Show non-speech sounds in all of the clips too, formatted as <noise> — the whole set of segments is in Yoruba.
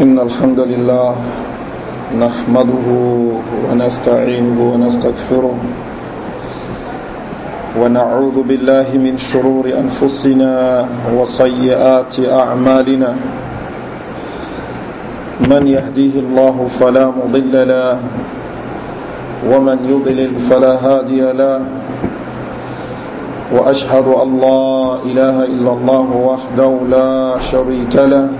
إن الحمد لله نحمده ونستعينه ونستغفره ونعوذ بالله من شرور أنفسنا وصيئات أعمالنا من يهديه الله فلا مضل له ومن يضلل فلا هادي له وأشهد أن لا إله إلا الله وحده لا شريك له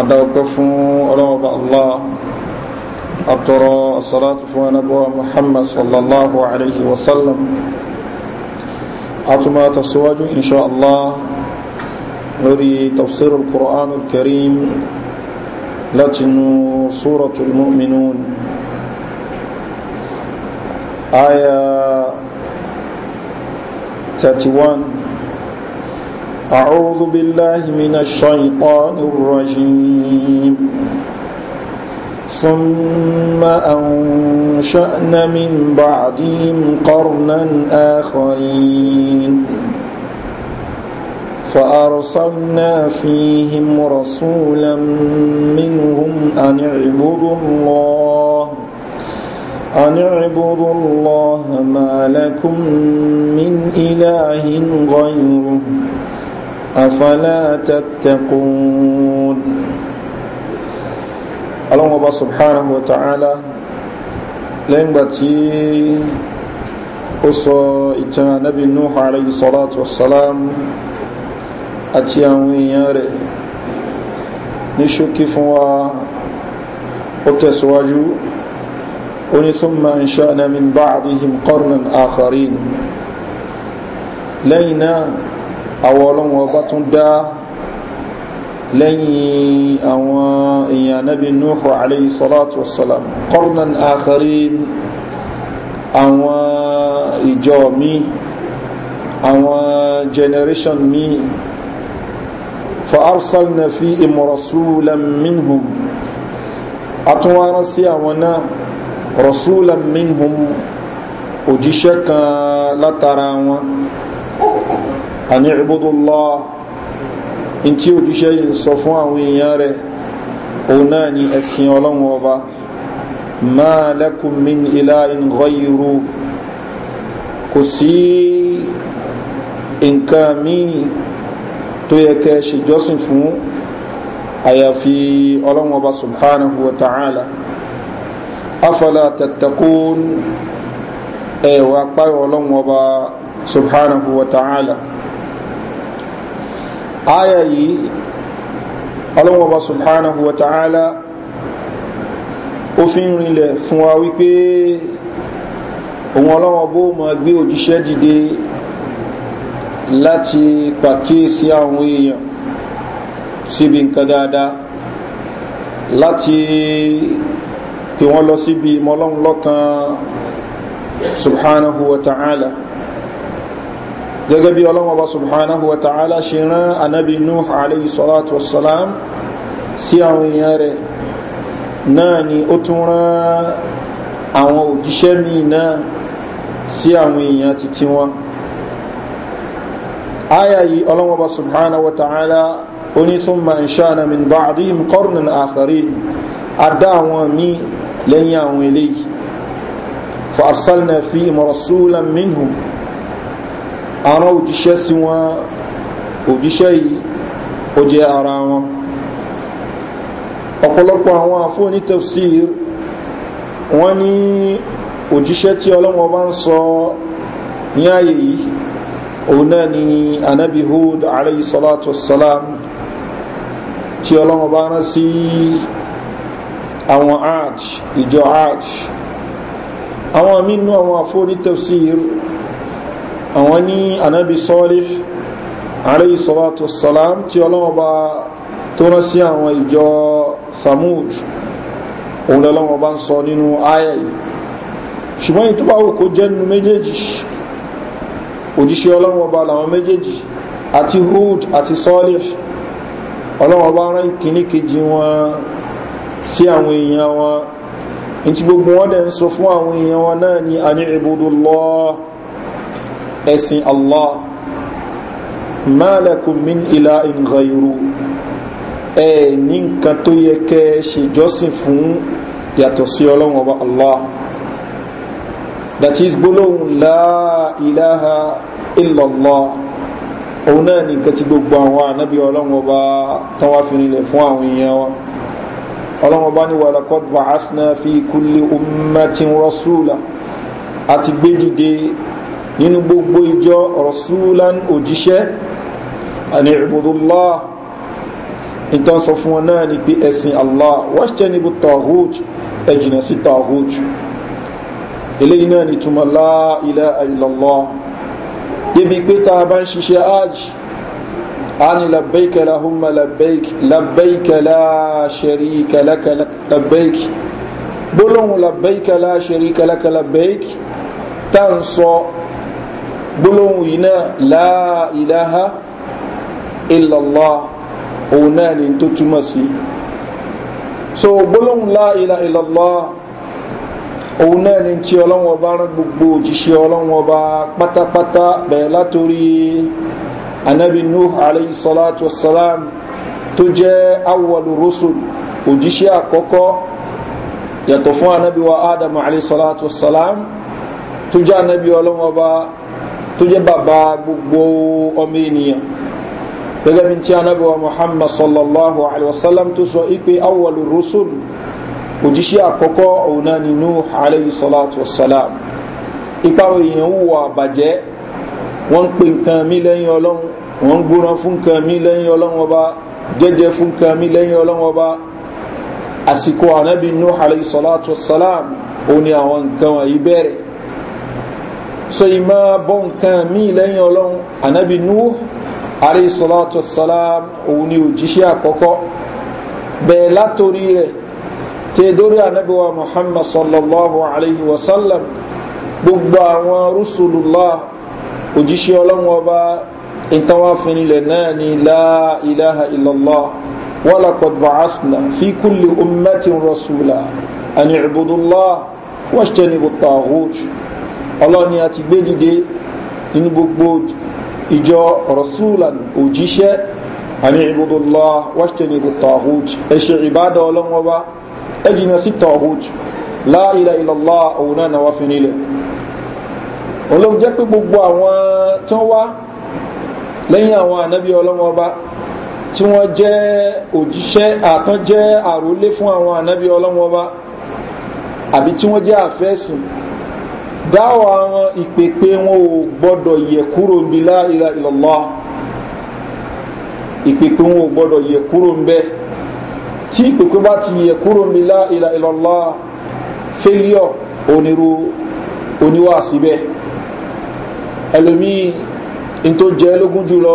adáwọ̀pẹ́ fún ọlọ́wọ́ba allah àtọ̀rọ̀ asọ́látù fún ẹnabọ́wà muhammad sallallahu alayhi wa sallam àtúmọ̀ tàṣíwájú inṣọ́ allah lórí tafsir al-qur'an al-karim látinú suratul mu'minun aya 31 أعوذ بالله من الشيطان الرجيم ثم أنشأنا من بعدهم قرنا آخرين فأرسلنا فيهم رسولا منهم أن اعبدوا الله أن اعبدوا الله ما لكم من إله غيره أفلا تتقون الله أبا سبحانه وتعالى لين باتي أصو إتنا نبي نوح عليه الصلاة والسلام أتي أموين ياري نشكي فوا وتسواجو وني ثم أنشأنا من بعضهم قرنا آخرين لينا àwọn ọlọ́wọ́n ọba tún dá lẹ́yìn àwọn èèyàn anábì nuhu alayhi salatu wasalam kọ́rùnán àkàrí àwọn ìjọ mi àwọn generation mi fa arsalna fi imrasulan minhum àtúnwárán sí àwọn náà rasulan minhum òjíṣẹ́ kan látara wọn àní ìbúdúlá in tí òjíṣẹ́ yìí sọ fún àwọn èèyàn rẹ̀ òun náà ni ẹ̀sìn ọlọ́run ọba máa lẹ́kùn min ilá ìngọ́ ìrú kò sí nǹkan míì tó yẹ kẹ́ ṣèjọ́sìn fún àyàfi ọlọ́run ọba subhanahu wa ta'ala afọlá tàtàkùn ẹ̀wà páyọ̀ ọlọ́run ọba subhanahu wa ta'ala aya yìí ọlọ́wọ́ba subhanahu wa ta'ala ó fi ń rinlẹ̀ fún wa wípé òun ọlọ́wọ́bó ma gbé òjíṣẹ́ dìde láti pàkíyèsí àwọn èèyàn síbi nǹkan dáadáa láti pè wọ́n lọ síbi ìmọ̀lọ́run lọ́kan subhanahu wa ta'ala gẹ́gẹ́ bí ọlọ́wọ́ba subhanahu wa ta'ala ṣe rán anabi nuh alayhi salatu wa salam sí àwọn èèyàn rẹ̀ náà ni ó tún rán àwọn òjíṣẹ́ míì náà sí àwọn èèyàn titi wọn aya yìí ọlọ́wọ́ba subhanahu wa ta'ala onísùnmọ̀ ìṣàna min ba'dihim qarnan akharin adá àwọn míì lẹ́yìn àwọn eléyìí fa arsalna fi imrasulan minhum àwọn òjíṣẹ́ sí wọn òjíṣẹ́ yìí ó jẹ́ ara wọn ọ̀pọ̀lọpọ̀ àwọn àfóòní tafsir wọ́n ní òjíṣẹ́ tí ọlọ́wọ́ bá ń sọ ní ààyè yìí òun náà ni anabi alayhi salatu salam tí ọlọ́wọ́ bá rán sí àwọn arch ìjọ arch àwọn mínú àwọn àfóòní tafsir àwọn ní anábi sọ́ọ́lì àárẹ̀ ìsọ́wọ́tò sọ́lám tí ọlọ́wọ́ bá tó rán sí àwọn ìjọ samud òun lọ́wọ́ bá ń sọ nínú ayẹ̀ yìí ṣùgbọ́n ìtúbáwò kó jẹ́ nínú méjèèjì òjíṣẹ́ ọlọ́wọ́ bá làwọn méjèèjì àti hood àti sọ́ọ́lì ọlọ́wọ́ rán ìkíní kejì wọn sí àwọn èèyàn wọn ìtí gbogbo wọn dẹ̀ ń sọ fún àwọn èèyàn wọn náà ni àní ìbúdó lọ́ọ́ ẹ̀sìn allah málẹ̀kùn min ilá ìngà irú ẹ̀ ní nǹkan tó yẹ kẹ́ ṣèjọ́sìn fún yàtọ̀ sí ọlọ́run ọba allah that is gbólóhùn láìláha ìlọ̀lọ́ òun náà ní nǹkan tí gbogbo àwọn ànábì ọlọ́run ọba tán wá fi rinlẹ̀ fún àwọn èèyàn wa ọlọ́run ọba ní wàlàkọ́dù bàásínà fi kúlé omi mẹ́tìn rọ́ṣúlà àti gbé dìde nínú gbogbo ìjọ rasulan òjíṣẹ́ àni ìbùdókòlá ìtàn sọ fún wọn náà ni pé ẹ̀sìn allah wáṣẹ́ níbi tawhut ẹ̀jìnà sí tawhut eléyìí náà ni túmọ̀ láìlẹ̀ àìlọ́lọ́ débi pé tá a bá ń ṣiṣẹ́ ajj ani labbaika lahumma labbaik labbaika la sharika laka labbaik bolohun labbaika la sharika laka labbaik tan so gbólóhùn yìí náà láìláha ìlọ̀lá òun náà ni tó túmọ̀ sí so gbólóhùn láìlá ìlọ̀lá òun náà ni tí ọlọ́wọ́ bá rán gbogbo òjíṣẹ́ ọlọ́wọ́ bá pátápátá bẹ̀rẹ̀ látorí anabi nuh alayhi salatu wasalam tó jẹ́ awwalu rusul òjíṣẹ́ àkọ́kọ́ yàtọ̀ fún anabi wa adam alayhi salatu wasalam tó jẹ́ anabi ọlọ́wọ́ bá tó jẹ́ bàbá gbogbo ọmọ ènìyàn gẹ́gẹ́ bí tí anábíwá muhammad sallallahu alayhi wa sallam tó sọ ipe awọlu rusul òjíṣẹ́ àkọ́kọ́ òun náà ni nuh alayhi salatu wa salam ipa èèyàn wù àbàjẹ́ wọ́n ń pè nǹkan mi lẹ́yìn ọlọ́run wọ́n ń gbóná fún nǹkan mi lẹ́yìn ọlọ́run ọba jẹ́jẹ́ fún nǹkan mi lẹ́yìn ọlọ́run ọba àsìkò anábì nuh alayhi salatu wa òun ni àwọn nǹkan wọ̀nyí bẹ̀rẹ̀ so ìmọ̀ bọ́ nǹkan míì lẹ́yìn ọlọ́run ànábì nuh aleyhisalatu salam òun ni òjíṣẹ́ àkọ́kọ́ bẹ̀ẹ̀ látòrí rẹ̀ tẹ́ dórí ànábì wa muhammad sallallahu alayhi wa sallam gbogbo àwọn rusulullah òjíṣẹ́ ọlọ́run ọba ìtawà finilẹ̀ náà ni láìláha ìlọ́lá wọ́lá kọ̀dùbà asùnà fi kúlù ummatin rasula àni ìbùdó wọ́n ṣe ní bùtà ọlọ́ni a ti gbé dìde nínú gbogbo ìjọ rasulan òjíṣẹ́ àní ìbúdókòlá wáṣítẹ́nìbù tọ̀húj ẹ̀ṣẹ̀ ìbádọ́ ọlọ́wọ́ wa ẹ̀jìnà sí tọ̀húj láìlà ìlọ́lá òun náà náà wá fi nílẹ̀ olóhùn jẹ́ pé gbogbo àwọn tí wọ́n wá lẹ́yìn àwọn ànábí ọlọ́wọ́n ọba tí wọ́n jẹ́ òjíṣẹ́ àtọ́jẹ́ àrólé àbí tí wọ́n jẹ́ àfẹ́sìn dáwọ̀ àwọn ìpèpè wọn ò gbọ́dọ̀ yẹ kúrò ń bi láìla ìlọ́lá ìpèpè wọn ò gbọ́dọ̀ yẹ kúrò ń bẹ́ tí ìpèpè bá ti yẹ kúrò ń bi láìla ìlọ́lá fẹ́líọ̀ onírú oníwà síbẹ̀ ẹlòmíì in tó jẹ́ lógún jùlọ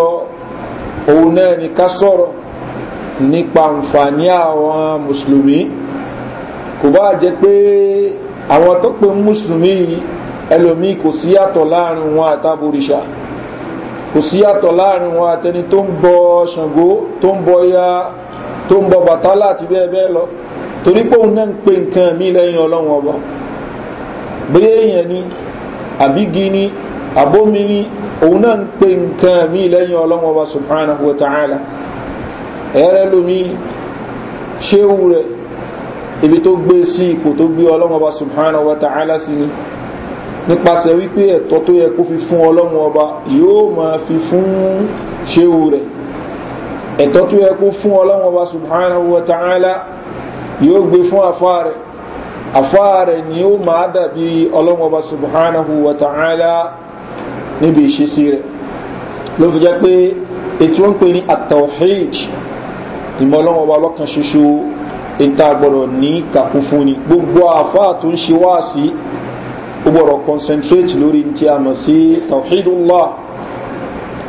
òun náà ni ká sọ̀rọ̀ nípa nfààní àwọn mùsùlùmí kò bá jẹ́ pé àwọn tó pe mùsùlùmí ẹlòmíì kò sí yàtọ̀ láàrin wọn àtàbòrìṣà kò sí yàtọ̀ láàrin wọn àtẹni tó ń bọ ṣàngó tó ń bọ ya tó ń bọ bàtálà àti bẹ́ẹ̀ bẹ́ẹ̀ lọ torí pé òun náà ń pe nǹkan mí lẹ́yìn ọlọ́run ọba bóyá èèyàn ni àbígi ni àbómi ni òun náà ń pe nǹkan mí lẹ́yìn ọlọ́run ọba subhanahu wa ta'ala ẹ̀rẹ́ lómi ṣéwù rẹ̀ ibi tó gbé sí ipò tó gbé ọlọ́run ọba subhanahu wa ta'ala sí ni nípasẹ̀ wípé ẹ̀tọ́ tó yẹ kó fi fún ọlọ́run ọba yóò máa fi fún ṣéwu rẹ̀ ẹ̀tọ́ tó yẹ kó fún ọlọ́run ọba subhanahu wa ta'ala yóò gbé fún afá rẹ̀ afá rẹ̀ ni ó máa dàbí ọlọ́run ọba subhanahu wa ta'ala níbi ìṣesí rẹ̀ ló fi jẹ́ pé ètò ń pè ní atawhid ìmọ̀ ọlọ́run ọba lọ́kàn ṣoṣo ìta gbọ́dọ̀ ní kàkú gbogbo afá tó ń ṣe wáàsí ó gbọ́dọ̀ concentrate lórí ti a mọ̀ sí tawhidullah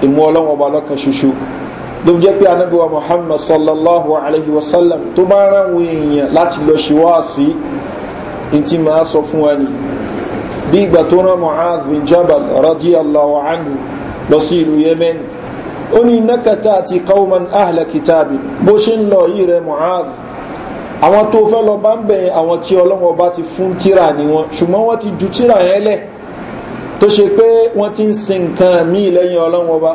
ìmú ọlọ́wọ́ ọba lọ́kan ṣoṣo ló fi jẹ́ pé anábíwá muhammad sallallahu alayhi wa sallam tó bá rán àwọn èèyàn láti lọ ṣe wá sí ntí máa sọ fún wa ni bí ìgbà tó rán mu'az bin jabal radiyallahu anhu lọ sí ìlú yemen ó ní nakata àti qawman ahla kitabi bó ṣe ń lọ yìí rẹ mu'az àwọn tó fẹ́ lọ bá ń bẹ̀ àwọn tí ọlọ́run ọba ti fún tíra ni wọn ṣùgbọ́n wọ́n ti ju tíra yẹn lẹ̀ tó ṣe pé wọ́n ti ń sin nǹkan míì lẹ́yìn ọlọ́run ọba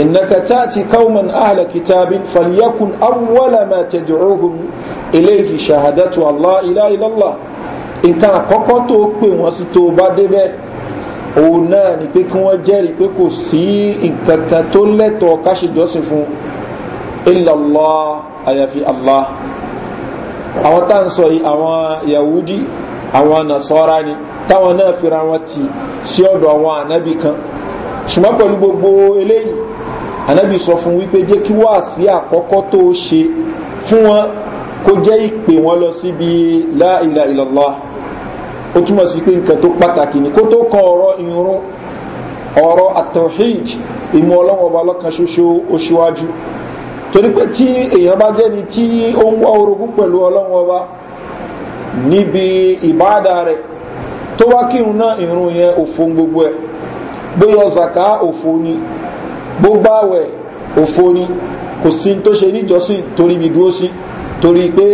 ìnaka táàtì káwọn àhàlẹ̀ kìtàbí fàlìyàkùn awọ́làmà tẹ̀dùrúhùn eléyìí ṣàhàdàtù allah ilá allah. allah àwọn tá à ń sọ yìí àwọn yahudi àwọn nasọ́ra ni táwọn náà fira wọn ti sí ọ̀dọ̀ àwọn ànábì kan ṣùgbọ́n pẹ̀lú gbogbo eléyìí ànábì sọ fún wípé jẹ́ kí wá sí àkọ́kọ́ tó ṣe fún wọn kó jẹ́ ìpè wọn lọ síbi láìla ìlọ́lá ó túmọ̀ sí pé nǹkan tó pàtàkì ni kó tó kọ ọ̀rọ̀ ìrún ọ̀rọ̀ àtọ̀híj ìmú ọlọ́wọ́ba lọ́kan ṣoṣo oṣùwájú. torí pé tí èèyàn bá ni tí ó ń wá orogún pẹ̀lú ọlọ́run ọba níbi ìbáàdà rẹ̀ tó wá kírun náà ìrun yẹn òfo gbogbo ẹ̀ zaka òfo ni gbogbo báwẹ̀ òfo ni kò sí tó ṣe níjọsìn torí ibi dúró sí torí pé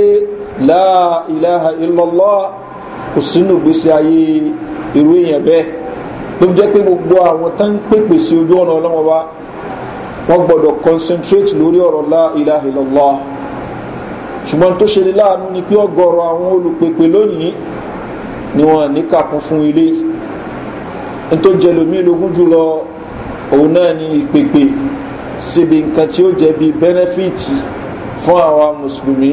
láà ìlàhà ìlọlọ́ kò sínú gbèsè ayé irú èèyàn bẹ́ẹ̀ ló gbogbo àwọn tán ojú ọ̀nà wọ́n gbọ́dọ̀ concentrate lórí ọ̀rọ̀ láìláìlọ́lá ṣùgbọ́n tó ṣe ní láàánú ni pé ọgọ́rọ̀ àwọn olùpèpè lónìí ni wọ́n ní kàkún fún ilé tó jẹ lómi lógún jùlọ òun náà ni ìpèpè síbi nǹkan tí ó jẹ́ bí bẹ́nẹ́fìtì fún àwa mùsùlùmí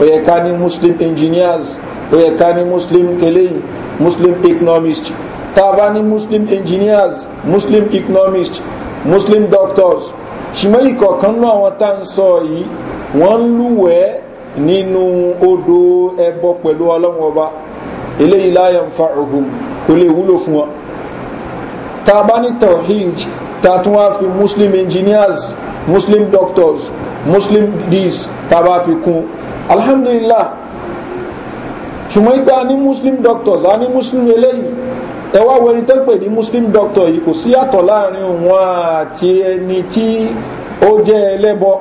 ó yẹ ká ní muslim engineers ó yẹ ká ní muslim eléyìí muslim economist tá a bá ní muslim engineers muslim economist muslim doctors ṣùgbọ́n ìkọ̀ọ̀kan náà àwọn tá ń sọ yìí wọ́n ń lúwẹ̀ẹ́ nínú odò ẹbọ pẹ̀lú ọlọ́run ọba eléyìí láyà ń fa òhun kò lè wúlò fún wọn tá a bá ní tawhid tá a tún wá fi muslim engineers muslim doctors muslim dis tá bá fi kún alhamdulilah ṣùgbọ́n ìgbà ní muslim doctors a ní muslim eléyìí ẹwà wẹni tó ń pè ní muslim doctor yìí kò sí yàtọ̀ láàrin òun àti ẹni tí ó jẹ́ ẹlẹ́bọ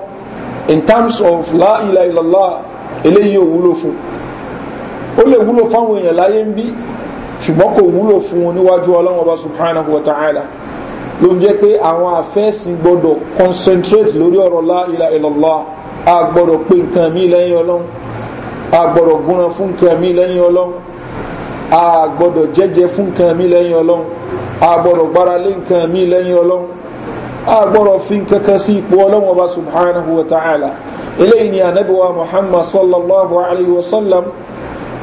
in terms of láìla ìlọ́lá eléyìí ò wúlò fún ó lè wúlò fáwọn èèyàn láyé ń bí ṣùgbọ́n kò wúlò fún wọn níwájú ọlọ́wọ́n subhanahu wa ta'ala ló ń jẹ́ pé àwọn àfẹ́sìn gbọ́dọ̀ concentrate lórí ọ̀rọ̀ láìla ìlọ́lá a gbọ́dọ̀ pé nǹkan mi lẹ́yìn ọlọ́run a gbọ́dọ̀ fún nǹkan mi lẹ́yìn ọlọ́run a gbọ́dọ̀ jẹ́jẹ́ fún nǹkan mi lẹ́yìn ọlọ́run a gbọ́dọ̀ gbára lé nǹkan mi lẹ́yìn ọlọ́run a gbọ́dọ̀ fi nǹkan kan sí ipò ọlọ́run ọba subhanahu wa ta'ala eléyìí ni anabiwa muhammad sallallahu alayhi wa sallam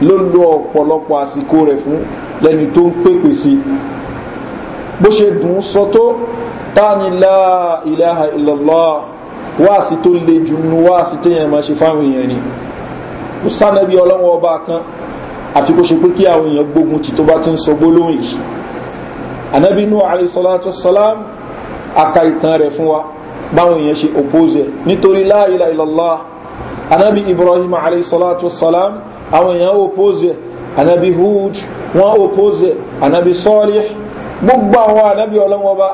ló lo ọ̀pọ̀lọpọ̀ àsìkò rẹ̀ fún lẹ́ni tó ń pèpè sí bó ṣe dùn ún sọ tó tánilá ìlàhà ìlọ́lá wáàsí tó le jù nínú wáàsí téèyàn máa ṣe fáwọn èèyàn ni kò sánẹ́bí ọlọ́run ọba kan àfi kó ṣe pé kí àwọn èèyàn gbógun ti tó bá ti ń sọ gbólóhùn yìí anabi nuhu alayhisalatu salam aka ìtàn rẹ̀ fún wa báwọn èèyàn ṣe oppose nítorí láàyè ìlàlá anabi ibrahim alayhisalatu salam àwọn èèyàn oppose anabi hud wọn oppose anabi sọlih gbogbo àwọn anabi ọlọ́wọ́ bá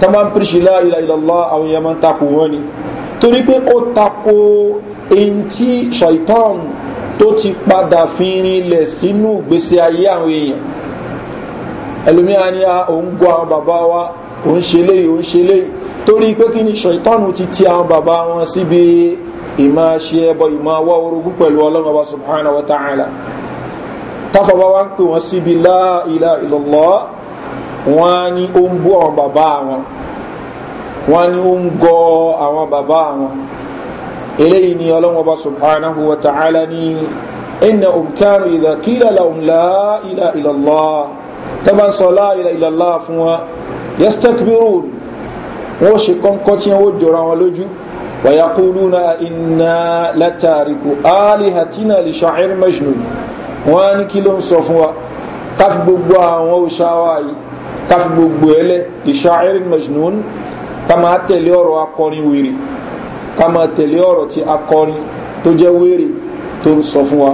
tá ń pèsè láàyè ìlàlá àwọn èèyàn máa ń takò wọn ni torí pé ó takò èyí tí shaitan tó ti padà fi rinlẹ̀ sínú ìgbésí ayé àwọn èèyàn ẹlòmíà ni a òun gbọ́ àwọn bàbá wa òun ṣe léyìí òun ṣe léyìí torí pé kí ni ṣètọ́nù ti ti àwọn bàbá wọn síbi ìmọ̀ ṣe ẹbọ ìmọ̀ wá orogún pẹ̀lú ọlọ́run ọba subhanahu wa ta'ala táfàbá wa ń pè wọ́n síbi láìlà ìlọ́lọ́ wọ́n á ní ó ń bú àwọn bàbá wọn wọ́n á ní ó ń gọ àwọn bàbá wọn eléyìí ni ọlọ́wọ́n bá subhanahu wa ta'ala ní ẹnna òmkanu ìdá kílà làwọn láìlà ìlàlá tẹ́bà ń sọ láìlà ìlàlá fún wa yastakbiru wọ́n ṣe kọ́ńkọ́ tí wọ́n jọra wọn lójú ويقولون إنا لتاركو آلهتنا لشاعر مجنون وان كيلون صفوا كف بوا وشاواي كف بوا لشاعر مجنون كما تلي أورو أكوني ويري ká máa tẹ̀lé ọ̀rọ̀ tí akọrin tó jẹ́ wéèrè tó ń sọ fún wa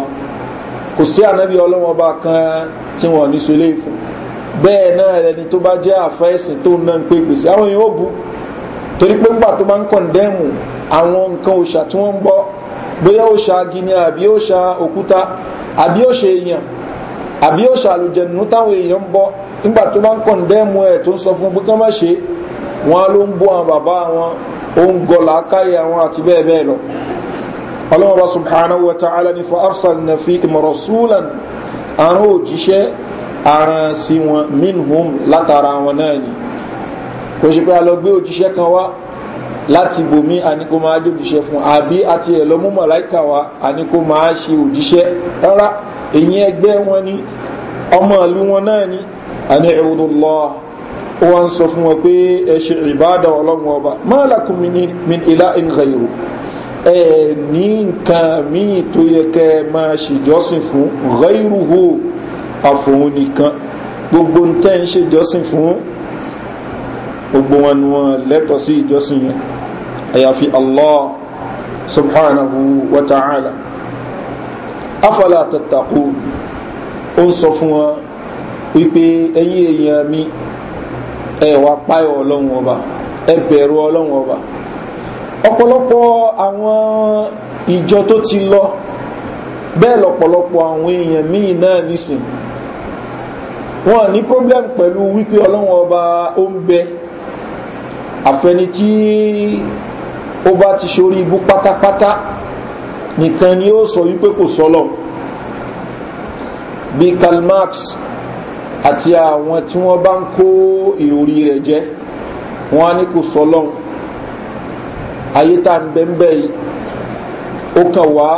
kò sí ànábì ọlọ́wọ́n bá kan tí wọ́n ní sọlé ìfún bẹ́ẹ̀ náà ẹni tó bá jẹ́ àfẹ́sìn tó ń náà ń pè pèsè àwọn èèyàn ó bu torí pé ńgbà tó máa ń kọ̀ǹdẹ́mù àwọn nǹkan òòṣà tí wọ́n ń bọ́ bóyá òòṣà gini àbí òòṣà òkúta àbí òòṣà èèyàn àbí òòṣà àlùjẹ̀nù táwọn èèyàn ń bọ́ nígbà tó máa ń kọ̀ǹdẹ́mù ẹ̀ tó ń sọ fún pé ká má ṣe wọn ló ń bọ́ àwọn bàbá wọn ó ń gọ làákàyè àwọn àti bẹ́ẹ̀ bẹ́ẹ̀ lọ ọlọ́run bá subhanahu wa ta'ala ni fa arsalna fi imrasulan àrùn òjíṣẹ́ àrùn sí wọn minhum látara wọn náà ni kò ṣe pé a lọ gbé kan wá láti bòmí àníkó máa dé òjíṣẹ́ fún àbí àti ẹ̀ lọ mú mọ̀láìkà wá àníkó máa ṣe òjíṣẹ́ rárá èyí ẹgbẹ́ ni ọmọ ìlú wọn náà ni àní ìrùdùlọ́ọ̀ wọ́n sọ fún wọn pé ẹ ṣe ìbáàdà ọlọ́run ọba máa lakùn mi ilá ìnìyàwó ẹ ní nǹkan míì tó yẹ kẹ́ máa ṣèjọ́sìn fún ghairuhu àfòun nìkan gbogbo ń tẹ́ ń ṣèjọ́sìn fún gbogbo wọn ni wọn lẹ́tọ̀ sí ìjọsìn yẹn àyàfi allah subhanahu wa ta'ala afọlá tàtàkù ó ń sọ fún wọn wípé ẹyí èèyàn mi ẹ wá páyọ̀ ọlọ́run ọba ẹ bẹ̀rù ọlọ́run ọba ọ̀pọ̀lọpọ̀ àwọn ìjọ tó ti lọ bẹ́ẹ̀ lọ̀pọ̀lọpọ̀ àwọn èèyàn míì náà nísìn wọn ní problem pẹ̀lú wípé ọlọ́run ọba ó ń bẹ àfẹni tí ó bá ti ṣorí ibú pátápátá nìkan ni ó sọ wípé kò sọlọ bí karl marx àti àwọn tí wọ́n bá ń kó ìròrí rẹ̀ jẹ́ wọ́n á ní kò sọ lọ́hùn ayé tá à ń bẹ́ ń bẹ́ yìí ó kàn wá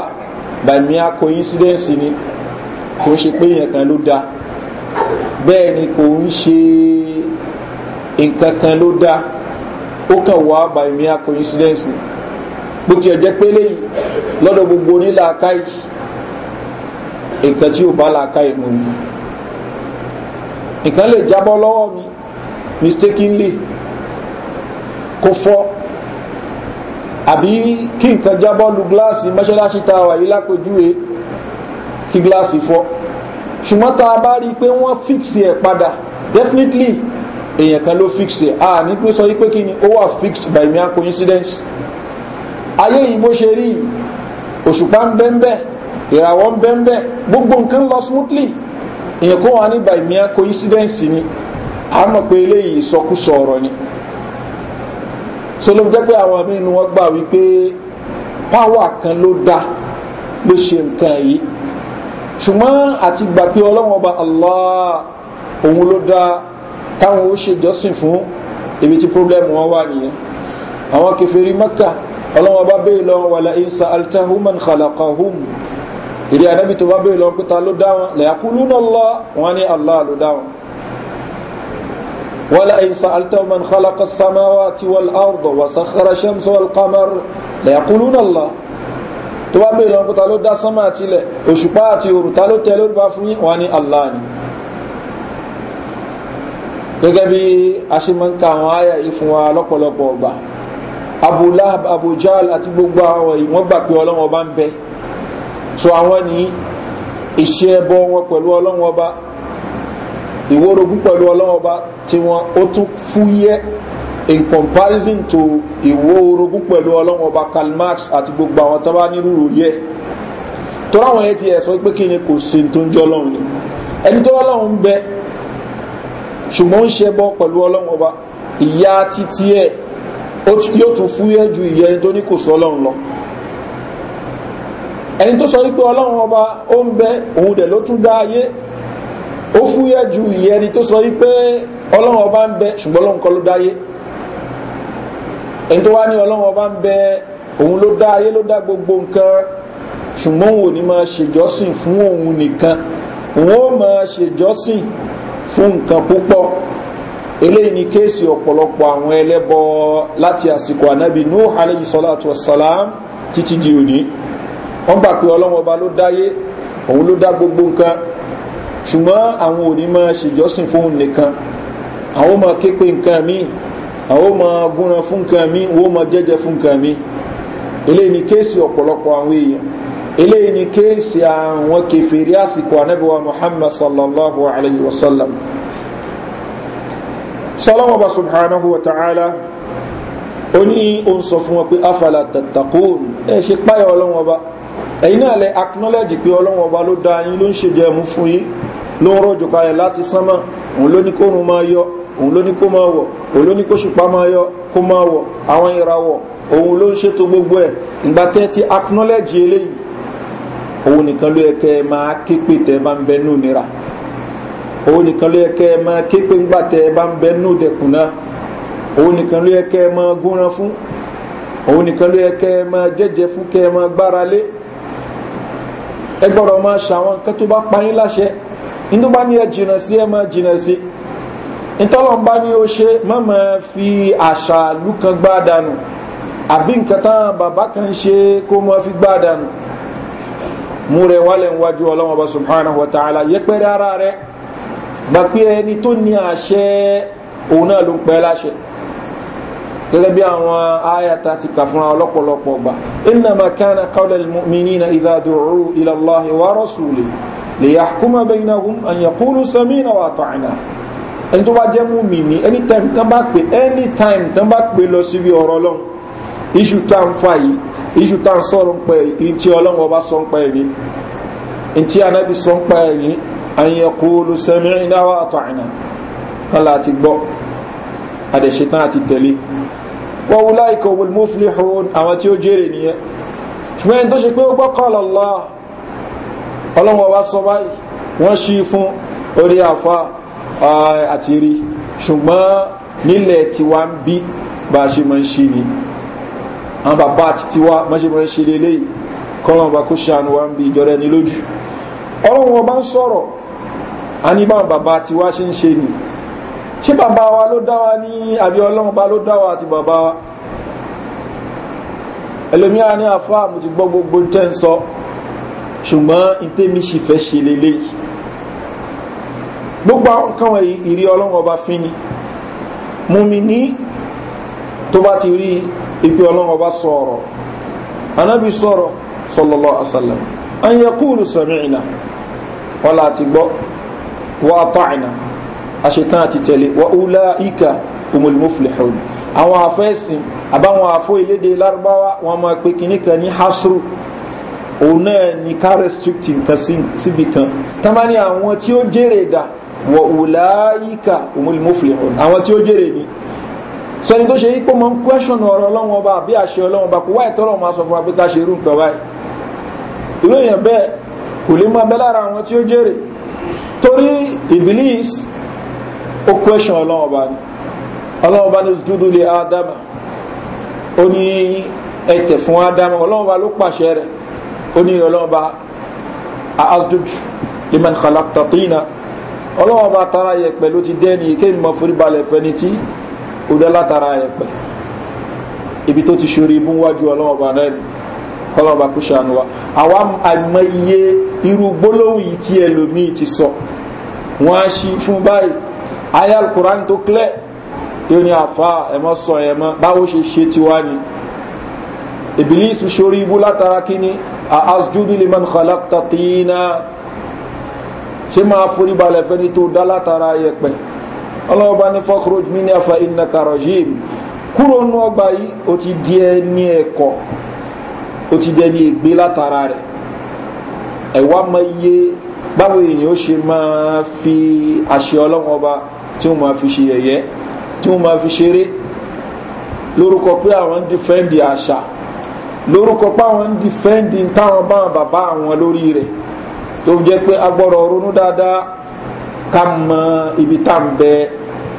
bàmíà coincidence ni kò ń ṣe pé èèyàn kan ló da bẹ́ẹ̀ ni kò ń ṣe nǹkan kan ló da ó kàn wá bàmíà coincidence ni bó tiẹ̀ jẹ́ pé léyìí lọ́dọ̀ gbogbo onílàákàyè nǹkan tí ò bá làákàyè mọ̀ ni nǹkan lè jábọ́ lọ́wọ́ mi mistakenly kó fọ́ àbí kí nǹkan jábọ́ lu gíláàsì mọ́ṣáláṣí ta wà yìí lápèjúwe kí gíláàsì fọ́ ṣùgbọ́n tá bá rí i pé wọ́n fíksì ẹ̀ padà definitely èèyàn kan ló fíksì ẹ̀ a ní pé sọ wípé kí ni ó wà fixed by mere coincidence ayé yìí bó ṣe rí òṣùpá ń bẹ́ńbẹ́ ìràwọ̀ ń bẹ́ńbẹ́ gbogbo nǹkan lọ smoothly èèyàn kó wọn ní bàmíà coincidence ni a mọ̀ pé eléyìí ìsọkúsọ ọ̀rọ̀ ni so ló fi jẹ́ pé àwọn míì ni wọ́n gbà wípé páwà kan ló dá ló ṣe nǹkan yìí ṣùgbọ́n àti gbà pé ọlọ́wọ́n ọba allah òun ló dá táwọn ó ṣe jọ́sìn fún ibi tí pírọ́blẹ́mù wọn wà nìyẹn àwọn kẹfẹ́rí mẹ́kà ọlọ́wọ́n ọba bẹ́ẹ̀ lọ́wọ́ wàlá insa altahum man khalaqahum ìdí anábì tó bá bèèrè lọ pé ta ló dá wọn lẹ́yàkúlú náà lọ wọn ní allah ló dá wọn wọ́n lẹ́yìn sàáltẹ́ man khalaqa samáwá ti wọ́n áwùdọ̀ wà sàkàrà sẹ́mùsọ̀ wọ́n kàmẹ́rù lẹ́yàkúlú náà lọ tó bá bèèrè lọ pé ta ló dá sánmà àtilẹ̀ òṣùpá àti òrù ta ló tẹ lórí bá fún yín wọn ní allah ni gẹ́gẹ́ bí a àwọn àyà yìí fún wa lọ́pọ̀lọpọ̀ ọgbà abúlá abujal àti gbogbo àwọn ìwọ̀n so àwọn ní ìṣe ẹbọ wọn pẹ̀lú ọlọ́run ọba ìwórogún pẹ̀lú ọlọ́run ọba tí wọn ó tún fúyẹ́ in comparison to ìwórogún pẹ̀lú ọlọ́run ọba karl marx àti gbogbo àwọn tó bá nírú yẹ tọ́ra àwọn yẹn ti ẹ̀ sọ pé kí ni kò sí tó ń jọ ọlọ́run ni ẹni tó lọ́lọ́run ń bẹ ṣùgbọ́n ń ṣe ẹbọ pẹ̀lú ọlọ́run ọba ìyá títí ẹ̀ yóò tún fúyẹ́ ju ìyẹn tó ní kò sọ ọlọ́run lọ ẹni tó sọ wípé ọlọ́run ọba ó ń bẹ òun dẹ̀ ló tún dá ayé ó fúyẹ́ ju ìyẹn ẹni tó sọ wípé ọlọ́run ọba ń bẹ ṣùgbọ́n ọlọ́run kọ́ ló dá ayé ẹni tó wá ní ọlọ́run ọba ń bẹ òun ló dá ayé ló dá gbogbo nǹkan ṣùgbọ́n òun ò ní máa ṣèjọ́sìn fún òun nìkan òun ó máa ṣèjọ́sìn fún nǹkan púpọ̀ eléyìí ni kéèsì ọ̀pọ̀lọpọ̀ àwọn ẹlẹ́bọ láti àsìkò ànábì nuh alayhi salatu wa salam títí di òní wọ́n gbà pé ọlọ́run ọba ló dáyé òun ló dá gbogbo nǹkan ṣùgbọ́n àwọn ò ní máa ṣèjọ́sìn fóun nìkan àwọn máa ké pé nǹkan míì àwọn máa gúnran fún nǹkan míì wọ́n máa jẹ́jẹ́ fún nǹkan míì eléyìí ni kéèsì ọ̀pọ̀lọpọ̀ àwọn èèyàn eléyìí ni kéèsì àwọn kẹfẹ́rí àsìkò anábíwá muhammad sallallahu alayhi wa sallam sọlọ́wọ́ bá subhanahu wa ta'ala ó ní òun sọ fún wọn pé afala tattakun ẹ ṣe páyọ̀ ọlọ́wọ́ bá ẹ̀yin náà lẹ acknowledge pé ọlọ́run ọba ló da yín ló ń ṣèjẹ́ mú fún yín ló ń rọ̀jò kalẹ̀ láti sánmọ̀ òun ló ní kórun máa yọ òun ló ní kó máa wọ̀ òun ló ní kó ṣùpá máa yọ kó máa wọ̀ àwọn ìràwọ̀ òun ló ń ṣètò gbogbo ẹ̀ ìgbà tẹ́ ti acknowledge eléyìí òun nìkan ló yẹ kẹ́ ẹ máa ké pé tẹ́ ẹ bá ń bẹ nù nira òun nìkan ló yẹ kẹ́ ẹ máa ké pé ńgbà tẹ́ ẹ bá ń bẹ nù dẹ̀kùn òun nìkan ló yẹ kẹ́ ẹ máa gúnran fún òun nìkan ló yẹ kẹ́ ẹ máa jẹ́jẹ́ fún kẹ́ ẹ máa gbára lé ẹ gbọ́dọ̀ máa ṣàwọn nǹkan tó bá payín láṣẹ ní tó bá ní ẹ jìnà sí ẹ máa jìnà sí ìtọ́lọ̀ bá ní ó ṣe má máa fi àṣà ìlú kan gbá dànù àbí nǹkan táwọn bàbá kan ṣe kó máa fi gbá dànù mú rẹ wálẹ̀ níwájú ọlọ́wọ́n bá subhanahu wa ta'ala yẹpẹrẹ ara rẹ gbà ẹni tó ní àṣẹ òun náà ló ń pẹ́ láṣẹ gẹ́gẹ́ bí àwọn ayata ti kà fúnra ọlọ́pọ̀lọpọ̀ gbà iná makana kawlẹ̀ mini na ìdádùrú ilàláhi wa rọ́sùlẹ̀ lè yà kúmọ̀ bẹ́yìn náà hùm àyàkúrú sami na wà tọ́ìnà ẹni tó bá jẹ́ mú mi ní anytime tán bá pè anytime tán bá pè lọ síbi ọ̀rọ̀ ọlọ́run iṣu tá ń fa yìí iṣu tá ń sọ̀rọ̀ ń pẹ́ yìí tí ọlọ́run ọba sọ ń pẹ́ yìí ní tí anábì sọ ń pẹ́ yìí àyàkúrú sami na wà tọ́ìnà kan láti gbọ́ adẹ̀ṣetán àti tẹ̀lé wọ́n wúlá ikọ̀ wòlmúfìlì hùn àwọn tí ó jèrè nìyẹn ṣùgbọ́n ẹni tó ṣe pé ó gbọ́kànlá ọlọ́wọ́ wa sọ báyìí wọ́n ṣí fún orí àfa àti rí ṣùgbọ́n nílẹ̀ tiwa ń bí bá a ṣe máa ń ṣe ni àwọn bàbá àti tiwa máa ṣe máa ń ṣe lélẹ́yìí kọ́nà ọba kó ṣàánú wa ń bí ìjọra ẹni lójú ọlọ́wọ́ bá ń sọ̀rọ̀ a ní báwọn bàbá tiwa ṣe ń ṣe nìyí ṣé bàbá wa ló dá wa ní àbí ọlọ́run bá ló dá wa àti bàbá wa ẹlòmíà ní àfáà mo ti gbọ́ gbogbo tẹ́ ń sọ ṣùgbọ́n ìtẹ́mi sì fẹ́ ṣe lélẹ́yìí gbogbo àwọn nǹkan wọ̀nyí ìrí ọlọ́run ọba fín ni mumi ní tó bá ti rí ipe ọlọ́run ọba sọ̀rọ̀ anábì sọ̀rọ̀ sọlọ́lọ́ asálàm an kúrò sọ̀rọ̀ ìnà wọ́n láti gbọ́ wọ́n àtọ́ ìnà aṣetán àti tẹ̀lé wa ula ika umul muflihun àwọn àfẹ́sìn àbáwọn àfọ ìlédè lárúbáwá wọn máa pe kinní kan ní hasru òun náà ní ká restricting kan síbi kan tán àwọn tí ó jèrè dà wa ula ika umul muflihun àwọn tí ó jèrè ni sọ tó ṣe yípo máa ń kwẹ́sọ̀nù ọ̀rọ̀ ọlọ́run ọba àbí àṣẹ ọlọ́run ọba kò wáyé tọ́lọ́ máa sọ fún wa pé ká ṣe irú nǹkan báyìí irú èèyàn bẹ́ẹ̀ kò lè máa bẹ́ lára àwọn tí ó jèrè torí ibilis ó kwẹ́sàn ọlọ́run ọba ni ọlọ́run ọba ní dúdú lè ádámà ó ní ẹ̀tẹ̀ fún ádámà ọlọ́run ọba ló pàṣẹ rẹ̀ ó ní ọlọ́run ọba asdúdú liman khalaqtatina ọlọ́run ọba tara yẹpẹ ló ti dẹ́ni kéèmí mọ forí balẹ̀ fẹni tí ó dẹ́ látara yẹpẹ ibi tó ti ṣorí ibú wájú ọlọ́run ọba náà ni kọ́lọ́run ọba kó ṣàánú wa àwa àmọye irú gbólóhùn yìí tí ẹlòmíì ti sọ wọ́n á ṣí fún báyìí ayé alukurani tó kílẹ̀ yóò ní àfa ẹ̀mọ́ sọ ẹ̀mọ́ báwo ṣe ṣe tiwa ni ìbílísì sórí ibú látara kíní àásùdúdú lè máa ń kọ́lá tàtìínà ṣé máa forí balẹ̀ fẹ́ni tó dá látara yẹpẹ̀ ọlọ́wọ́ bá ní fọ́kúròjì mí ní àfa iná karojim kúrò nú ọgbà yìí ó ti di ẹni ẹ̀kọ́ ó ti di ẹni ègbé látara rẹ̀ ẹ̀wá mọ iye báwo èèyàn ṣe máa fi àṣẹ ọlọ́wọ́ ọba tí wọ́n máa fi ṣe yẹ̀yẹ́ tí wọ́n máa fi ṣeré lórúkọ pé àwọn ń dìfẹ́ǹdì àṣà lórúkọ pé àwọn ń dìfẹ́ǹdì táwọn bá wọn bàbá àwọn lórí rẹ̀ tó jẹ́ pé agbọ́rọ̀ ronú dáadáa ká mọ ibi tá à ń bẹ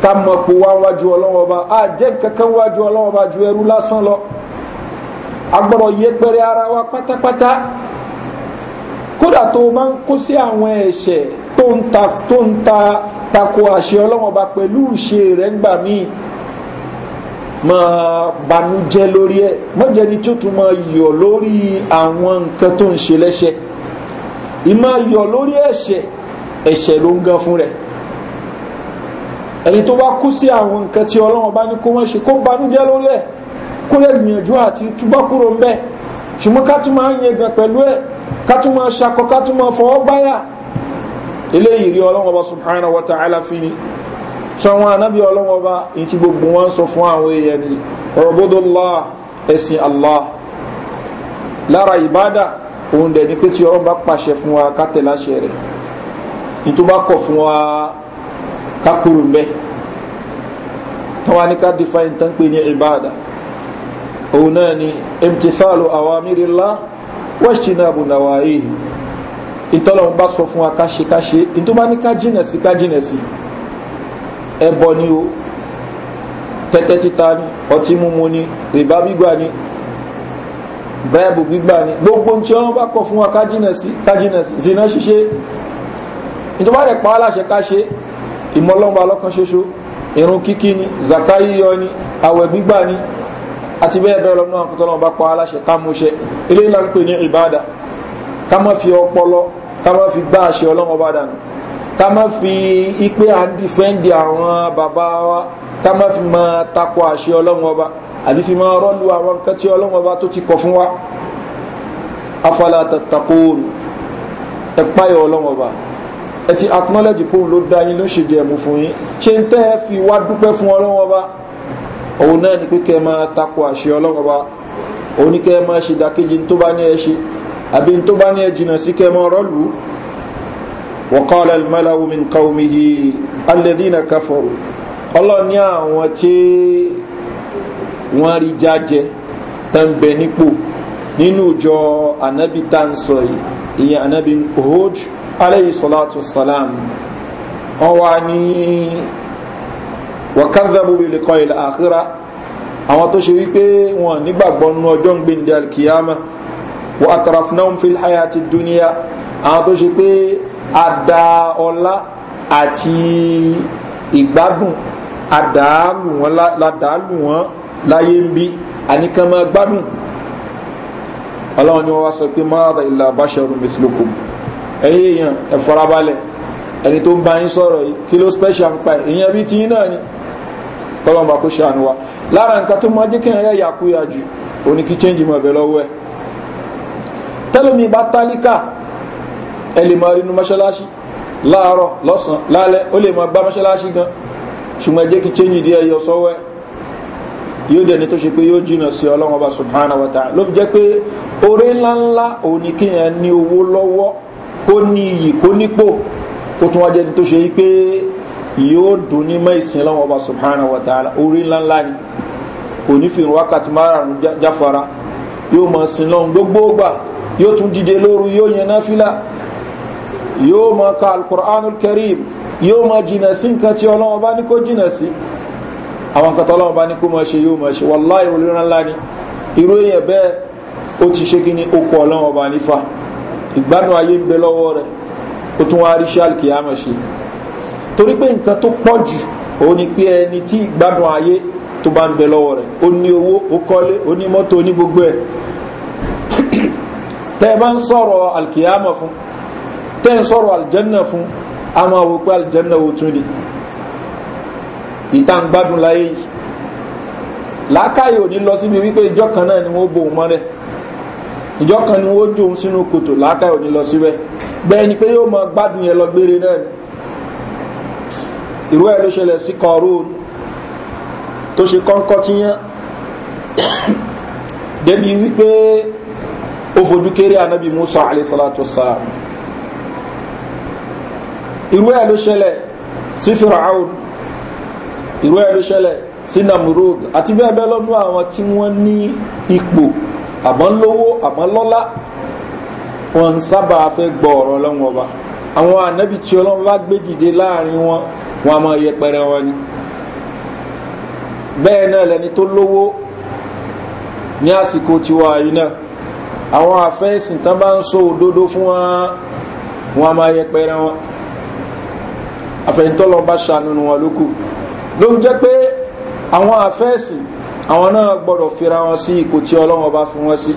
ká mọ pò wá wájú ọlọ́wọ́ bá a jẹ́ kankan wájú ọlọ́wọ́ bá ju ẹrú lásán lọ agbọ́rọ̀ yẹpẹrẹ ara wa pátápátá kódà tó o máa ń kó sí àwọn ẹ̀ṣẹ̀ tó ń ta tako àṣẹ ọlọ́wọ́n ba pẹ̀lú ìṣe rẹ̀ ń gbà míì máa banújẹ́ lórí ẹ̀ mọ́jẹ́ni tó tún máa yọ̀ lórí àwọn nǹkan tó ń ṣe lẹ́ṣẹ̀ ìmọ̀ yọ̀ lórí ẹ̀ṣẹ̀ ẹ̀ṣẹ̀ ló ń gan fún rẹ̀ ẹni tó bá kú sí àwọn nǹkan tí ọlọ́wọ́n bá ní kó wọ́n ṣe kó banújẹ́ lórí ẹ̀ kó lè gbìyànjú àti túbọ̀ kúrò ń bẹ́ẹ̀ ṣùgbọ́n ká tún máa ń yẹgàn pẹ̀lú ẹ̀ ká tún máa ṣakọ ká tún máa fọwọ́ gbáyà eléyìí rí ọlọ́wọ́ bá subhana wa ta'ala fi ni sọ àwọn anábì ọlọ́wọ́ bá èyí tí gbogbo wọn sọ fún àwọn èèyàn ni ọ̀rọ̀bódọ́lá ẹ̀sìn allah lára ìbádà òun dẹ̀ ni pé tí ọlọ́wọ́ bá pàṣẹ fún wa ká tẹ̀ láṣẹ rẹ̀ kí tó bá kọ̀ fún wa ká kúrò mbẹ́ táwa ní ká define tán pé ní ìbádà òun náà ni imtisalu awamirillah wajtinabu nawaihi ìtọ́lọ́run bá sọ fún wa ká ṣe ká ṣe ìtọ́ bá ní ká jìnà sí ká jìnà sí ẹbọ ni o tẹ́tẹ́ títa ni ọtí mímu ni rìbá gbígbà ni bíráìbù gbígbà ni gbogbo tí ọlọ́run bá kọ̀ fún wa ká jìnà sí ká jìnà sí zina ṣíṣe ìtọ́ bá rẹ̀ pa á láṣẹ ká ṣe ìmọ̀lọ́mọba lọ́kàn ṣoṣo irun kíkí ni zaka yíyọ ni àwẹ̀ gbígbà ni àti bẹ́ẹ̀ bẹ́ẹ̀ lọ́nà àkótọ́lọ́run bá pa á ká mú ṣe eléyìí là ń pè ní ìbáàdà ká má fi ọpọlọ ká má fi gbá àṣẹ ọlọ́run ọba dànù ká má fi ipe à ń dìfẹ́ǹdì àwọn bàbá wa ká má fi máa takò àṣẹ ọlọ́run ọba àbí fi máa rọ́lu àwọn nǹkan tí ọlọ́run ọba tó ti kọ̀ fún wa afala tatakun ẹ̀páyọ̀ ọlọ́run ọba ẹ ti acknowledge pé òun ló dá yín ló ṣe jẹ ẹ̀mú fún yín ṣé ń tẹ́ ẹ fi wá dúpẹ́ fún ọlọ́run ọba òun náà ni pé kẹ́ ẹ máa takò àṣẹ ọlọ́run ọba òun ni kẹ́ ẹ máa ṣe ìdákejì tó bá ní ẹ ṣe àbí tó bá ní ẹjìnà sí kẹmọ rọ́lù wọ́kọ́lá ìmọ́láwó mi nǹkan omi yìí alẹ́dínà káfọ́rù ọlọ́run ní àwọn tí wọ́n rí jájẹ tán bẹ nípò nínú ìjọ anabi tá n sọ yìí ìyẹn anabi hoj alayhi salatu salam wọ́n wá ní wàkàndàbù wílé kọ́ ilẹ̀ àkírà àwọn tó ṣe wípé wọn nígbàgbọ́ nú ọjọ́ ń gbé ní alkiyama wà àtàràfúnáhùn fi láyà ti dúníà àwọn tó ṣe pé àdá ọlá àti ìgbádùn àdàálù wọn ládàálù wọn láyé ń bí àníkan máa gbádùn ọlọ́run ni wọ́n wá sọ pé máàdà ìlà àbáṣẹrù mẹsìlókò ẹ̀yìn èèyàn ẹ̀fọ́rabalẹ̀ ẹni tó ń bá yín sọ̀rọ̀ yìí kí ló special ń pa ìyẹn bí tí náà ni kọ́lọ́mbà kó ṣàánú wa lára nǹkan tó máa jẹ́ kí ẹ̀yà yàkúyà jù oní change mọ̀ bẹ̀ lọ́wọ́ ẹ̀ tẹ́lómi bá tálíkà ẹ lè máa rinú mọ́ṣáláṣí láàárọ̀ lọ́sàn lálẹ́ ó lè máa gbá mọ́ṣáláṣí gan ṣùgbọ́n jẹ́ kí chéyìn ìdí ẹyọ sọ́wọ́ ẹ yóò dẹni tó ṣe pé yóò jìnà sí ọlọ́run ọba subhanahu wa ta'ala ló fi jẹ́ pé oore ńláńlá òun ni kéèyàn ní owó lọ́wọ́ kó ní iyì kó nípò ó tún wá ní tó ṣe pé yóò dùn ní mọ́ ìsìn ọba subhanahu wa ta'ala oore ńláńlá ni òní fi wákàtí márùn-ún jáfara yóò mọ̀ sin lọ́run gbogbo gbà yóò tún dìde lóru yóò yẹn náfìlà yóò mọ ka alukur'an kareem yóò mọ jìnà sí nǹkan tí ọlọ́wọ́ bá ní kó jìnà sí àwọn nǹkan tí ọlọ́wọ́ bá ní kó mọ ṣe yóò mọ ṣe wàláyé olóran ńlá ni irú èèyàn bẹ́ẹ̀ ó ti ṣe kí okò ọlọ́wọ́ bá nífa ìgbádùn ayé ń bẹ lọ́wọ́ rẹ̀ ó tún wá rí ṣáàlì àmọ̀ ṣe torí pé nǹkan tó pọ̀ jù òun ni pé ẹni tí ìgbádùn ayé tó bá ń bẹ lọ́wọ́ rẹ̀ ó ní owó ó kọ́lé ó ní mọ́tò ó ní gbogbo ẹ̀ tẹ́ ẹ sọ̀rọ̀ alkiyama fún tẹ́ ń sọ̀rọ̀ aljanna fún a máa wò pé aljanna wo tún ni ìta ń gbádùn láyé yìí làákàyè ò ní lọ síbi wípé ìjọ kan náà ni wọ́n bò wọ́n mọ́lẹ̀ ìjọ kan ni wọ́n jó òun sínú kòtò làákàyè ò ní lọ síbẹ̀ bẹ́ẹ̀ ni pé yóò máa gbádùn yẹn lọ gbére náà ni ìrú ẹ̀ ló ṣẹlẹ̀ sí kọrún tó ṣe kọ́ńkọ́ <coughs> débi wípé ó fojú kéré anabi musa alayhisalatu wasalam irú ẹ̀ ló ṣẹlẹ̀ sí firaun irú ẹ̀ ló ṣẹlẹ̀ sí namurud àti bẹ́ẹ̀ bẹ́ẹ̀ lọ́nú àwọn tí wọ́n ní ipò àmọ́ lówó àmọ́ lọ́lá wọn ń sábà fẹ́ gbọ́ ọ̀rọ̀ ọlọ́run ọba àwọn anabi tí ọlọ́run bá gbé dìde láàrin wọn wọn a máa yẹpẹrẹ wọn ni bẹ́ẹ̀ náà lẹni tó lówó ní àsìkò tiwa yìí náà àwọn àfẹ́ǹsì tán bá ń so òdodo fún wọn wọn a máa yẹpẹrẹ wọn àfẹ́ǹtọ́lọ́ bá ṣàánú wọn lókù ló fi jẹ́ pé àwọn àfẹ́ǹsì àwọn náà gbọ́dọ̀ fira wọn sí ipò tí ọlọ́wọ́n bá fi wọ́n sí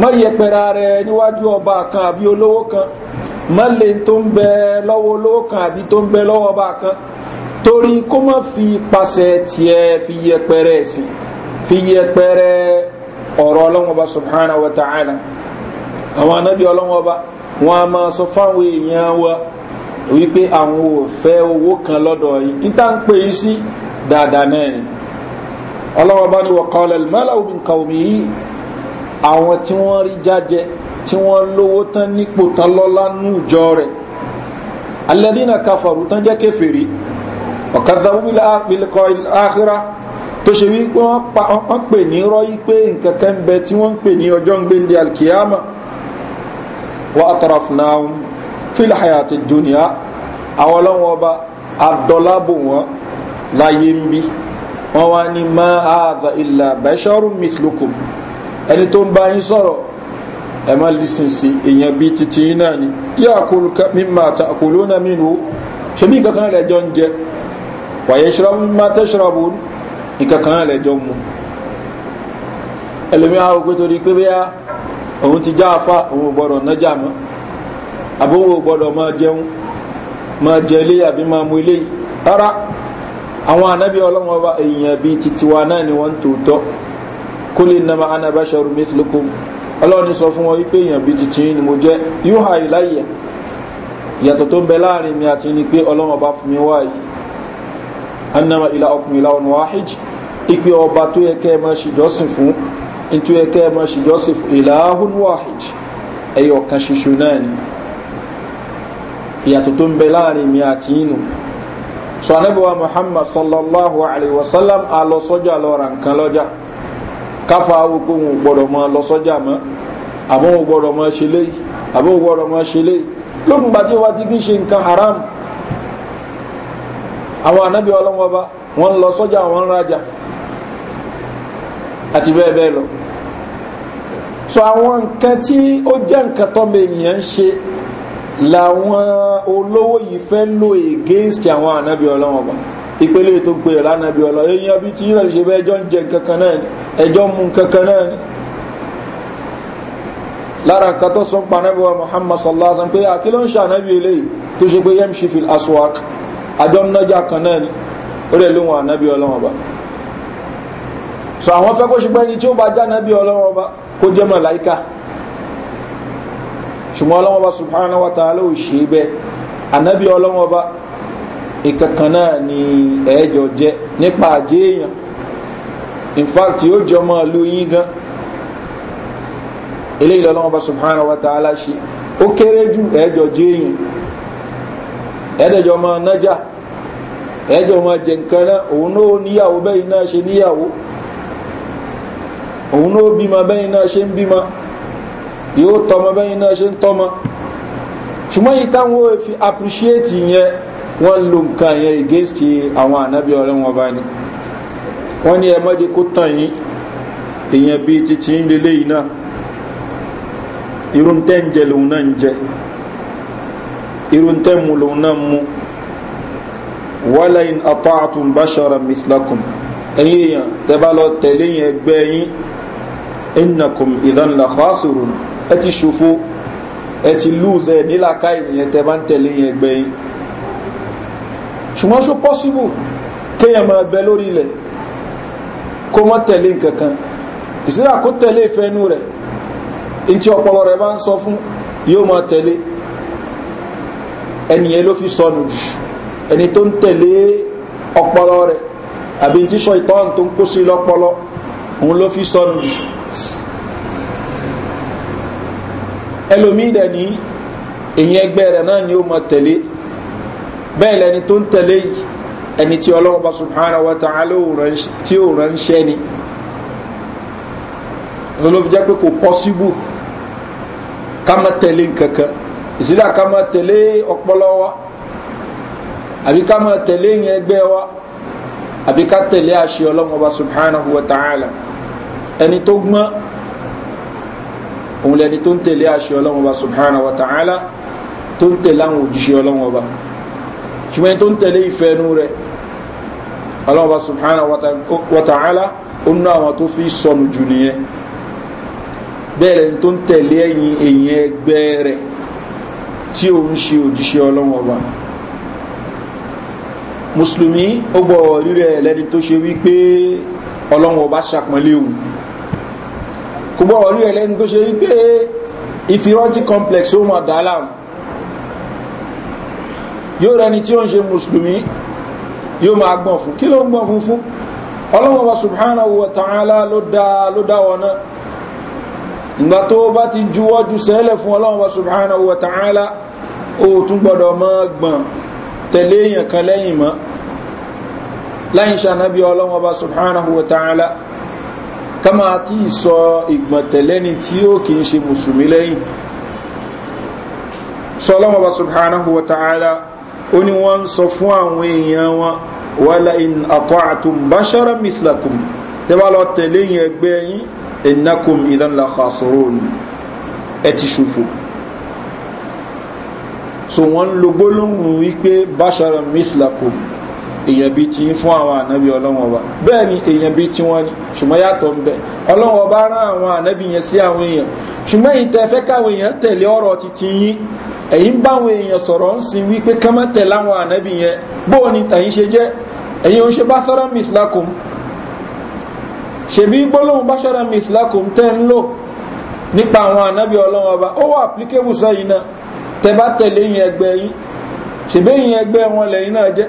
má yẹpẹrẹ rẹ níwájú ọba kan àbí olówó kan má lè tó ń bẹ lọ́wọ́ olówó kan àbí tó ń bẹ lọ́wọ́ ọba kan torí kó má fi ipasẹ̀ tiẹ̀ fi yẹpẹrẹ sí fi yẹpẹrẹ ọ̀rọ̀ ọlọ́wọ́n ọba subhanahu wa ta'ala àwọn anábì ọlọ́wọ́n ọba wọn a máa sọ fáwọn èèyàn wa wípé àwọn ò fẹ́ owó kan lọ́dọ̀ yìí níta ń pè yìí sí dáadáa náà ni ọlọ́wọ́n ọba ni wọ́n kọ́ ọlẹ́lẹ́ mẹ́lá òbí nǹkan omi yìí àwọn tí wọ́n rí jájẹ tí wọ́n lówó tán nípò tán lọ́lá nú ìjọ rẹ̀ alẹ́dínà káfàrú tán jẹ́ kéfèrè ọ̀kadà wíwílẹ̀ àkírá tó ṣe wípé wọ́n pè ní rọ́yí pé nǹkan kan bẹ tí wọ́n ń pè ní ọjọ́ ń gbéǹde alkiyama wa atarafna filhayati dunia àwọn ọlọ́wọ́n ọba adọ́lábò wọn láyé ń bí wọ́n wá ní ma ààdà ilà bẹ́ṣọ́rù mithlukum ẹni tó ń bá yín sọ̀rọ̀ ẹ má lísìn sí èèyàn bí títí náà ni yíyá mímà àtàkùlónà mínú ṣe bí nǹkan kan rẹ̀ jọ ń jẹ wàyẹ̀ ṣọ́rọ̀ mímà tẹ́ṣọ́rọ̀ bò ní ìkankan náà lẹ́jọ́ mu ẹlòmí àwọn òpé torí pé bí òun ti já afá òun ò gbọ́dọ̀ nájà mọ́ àbówó ò gbọ́dọ̀ máa jẹun máa jẹ ilé àbí máa mu ilé rárá àwọn anábì ọlọ́wọ́n ọba èèyàn bíi titiwa náà ni wọ́n ń tòótọ́ kó lè nàmà anabasharu mithlukum ọlọ́run sọ fún wọn wípé èèyàn bíi titi ni mo jẹ́ yóò hà ìláyà ìyàtọ̀ tó ń bẹ láàrin mi àti ni pé ọlọ́wọ́n ọba fún mi wáyé annama ìlà ọkùnrin ìlà ọ̀nà wáhíjì ipe ọba tó yẹ kẹ́ ẹ máa ṣèjọ́sìn fún tó yẹ kẹ́ ẹ máa ṣèjọ́sìn fún ìlàhùn wahid ẹyọ kan ṣoṣo náà ni ìyàtọ̀ tó ń bẹ láàrin mi àti inú sọ anábẹ́wà muhammad sallallahu alayhi wa sallam a lọ nǹkan lọ́jà káfa awo pé òun máa lọ sọ́jà mọ́ àmọ́ òun gbọ́dọ̀ máa ṣe léyìí àmọ́ òun gbọ́dọ̀ máa ṣe léyìí lókun gbàdé wa ti kí ṣe nǹkan haram àwọn anábẹ́wà ọlọ́wọ́ bá wọ́n lọ sọ́jà wọ́n rajà àti bẹ́ẹ̀ bẹ́ẹ̀ lọ so àwọn nǹkan tí ó jẹ́ nǹkan tọ́mọ ènìyàn ń ṣe làwọn olówó yìí fẹ́ lò against àwọn ànábì ọlọ́wọ́n bá ìpele tó ń pè é lánàbì èèyàn bíi tí yíyàn ṣe bẹ́ẹ̀ ẹjọ́ ń jẹ nǹkan náà ni ẹjọ́ ń mu nǹkan náà ni lára nǹkan tó sọ pa ànábì wa muhammad sallallahu alaihi wa sallam pé àkíló ń ṣe ànábì eléyìí tó ṣe pé yẹm ṣe fi aswak àjọ ń nájà kan náà ni ó rẹ̀ lóhun ànábì ọlọ́wọ́n bá so àwọn fẹ́ kó ṣe pẹ́ni tí ó bá jáná bí ọlọ́wọ́ ọba kó jẹ́ mọ̀láíkà ṣùgbọ́n ọlọ́wọ́ ọba subhanahu wa ta'ala ò ṣe é bẹ́ẹ̀ ànábì ọlọ́wọ́ ọba ìkankan náà ni ẹ̀ẹ́jọ jẹ́ nípa àjẹ́ èèyàn in fact yóò jẹ́ ọmọ ìlú yín gan eléyìí lọ́wọ́ ọba subhanahu wa ta'ala ṣe ó kéré jù ẹ̀ẹ́jọ jẹ́ èèyàn ẹ̀ẹ́dẹ̀jọ ọmọ nájà ẹ̀ẹ́jọ ọmọ jẹ̀ǹkan náà òun náà níyàwó bẹ́ẹ̀ náà ṣe níyàwó òun ló bímọ bẹ́yìn náà ṣe ń bímọ yóò tọmọ bẹ́yìn náà ṣe ń tọmọ ṣùgbọ́n yìí táwọn ò fi appreciate yẹn wọ́n lo nǹkan yẹn against àwọn ànábì ọ̀rẹ́ wọn bá ní wọ́n ní ẹmọ́dé kó tàn yín èèyàn bíi titi ń lélẹ́ yìí náà irun tẹ́ ń jẹ lòun náà ń jẹ irun tẹ́ mu lòun náà mu wàlẹ́yìn apá àtúnbáṣọ́ra mislakum ẹ̀yìn èèyàn tẹ́ bá lọ tẹ̀lé yẹn ẹgbẹ́ yín innakum idan la khasirun ẹ ti ṣòfò ẹ ti lùzẹ nílàka ènìyàn tẹ bá ń tẹ̀lé yẹn gbẹ̀yìn ṣùgbọ́n ṣó pọ́síbù kéèyàn máa bẹ lórí ilẹ̀ kó mọ́ tẹ̀lé nǹkan kan ìsìlá kó tẹ̀lé ìfẹ́nu rẹ̀ ntí ọpọlọ rẹ̀ bá ń sọ fún yóò máa tẹ̀lé ẹnìyẹn ló fi sọnù jù ẹni tó ń tẹ̀lé ọpọlọ rẹ̀ àbí ntí ṣọ ìtọ́n tó ń kó sí lọ́pọlọ òun ló fi sọnù jù. ẹlòmíì dẹ̀ ní èyí ẹgbẹ́ rẹ̀ náà ni ó mọ tẹ̀lé bẹ́ẹ̀ lẹni tó ń tẹ̀lé yìí ẹni tí ọlọ́wọ́ bá subhana wa ta'ala tí ó ránṣẹ́ ni ló fi jẹ́ pé kò pọ́síbù ká má tẹ̀lé nkankan ìsílẹ̀ ká má tẹ̀lé ọpọlọ wa àbí ká má tẹ̀lé yẹn ẹgbẹ́ wa àbí ká tẹ̀lé àṣẹ ọlọ́wọ́ bá wa ta'ala ẹni tó gbọ́n òun lẹni tó ń tẹ̀lé àṣẹ ọlọ́run ọba subhana wa ta'ala tó ń tẹ̀lé àwọn òjíṣẹ́ ọlọ́run ọba ṣùgbọ́n ẹni tó ń tẹ̀lé ìfẹ́ inú rẹ̀ ọlọ́run ọba subhana wa ta'ala ó ná àwọn tó fi sọnù jù nìyẹn bẹ́ẹ̀ lẹni tó ń tẹ̀lé ẹ̀yìn èèyàn ẹgbẹ́ rẹ̀ tí òun ṣe òjíṣẹ́ ọlọ́run ọba mùsùlùmí ó gbọ́ rírẹ̀ lẹni tó ṣe wípé ọlọ́run ọba ṣàpọ̀nlé òun kò gbọ́ ọ̀rí ẹlẹ́ni tó ṣe wípé ìfirántí complex ó máa dà láàmú yóò rẹni tí ó ń ṣe mùsùlùmí yóò máa gbọ̀n fún kí ló ń gbọ̀n fún fún ọlọ́wọ́n wa subhanahu wa ta'ala ló dá ló dá wọn náà ìgbà tó bá ti juwọ́ ju sẹ́lẹ̀ fún ọlọ́wọ́n wa subhanahu wa ta'ala ó tún gbọ́dọ̀ mọ́ gbọ̀n tẹ̀lé èèyàn kan lẹ́yìn mọ́ láyìn ṣànábí ọlọ́wọ́n wa subhanahu wa ta'ala kama àti ìsọ ìgbọ̀ntẹ̀lẹ́ni tí ó kì í ṣe mùsùlùmí lẹ́yìn sọlọ́mọba subhanahu wa ta'ala ó ní wọ́n ń sọ fún àwọn èèyàn wọn wàlá in àtọ́ àtún báṣára mithlakum tẹ́bà lọ tẹ̀lé yẹn ẹgbẹ́ yín ìnákùn ìdánlá khasrun ẹ ti ṣòfò so wọ́n ń lo gbólóhùn wípé báṣára mithlakum èèyàn bíi ti ń fún àwọn ànábì ọlọ́wọ́n ọba bẹ́ẹ̀ ni èèyàn bíi ti wọ́n ni ṣùgbọ́n yàtọ̀ ń bẹ ọlọ́wọ́n ọba rán àwọn ànábì yẹn sí àwọn èèyàn ṣùgbọ́n èyí tẹ́ fẹ́ káwọn èèyàn tẹ̀lé ọ̀rọ̀ titi yín ẹ̀yìn báwọn èèyàn sọ̀rọ̀ ń sin wípé ká má tẹ̀lé àwọn ànábì yẹn bóò ni tàyín ṣe jẹ́ ẹ̀yin ò ṣe bá sára mithlakum ṣèbí gbólóhùn bá sára mithlakum tẹ́ ń lò nípa àwọn ànábì ọlọ́wọ́n ọba ó wà applicable sẹ́yìn náà tẹ bá tẹ̀lé yín ẹgbẹ́ yín ṣèbí yín ẹgbẹ́ wọn lẹ́yìn náà jẹ́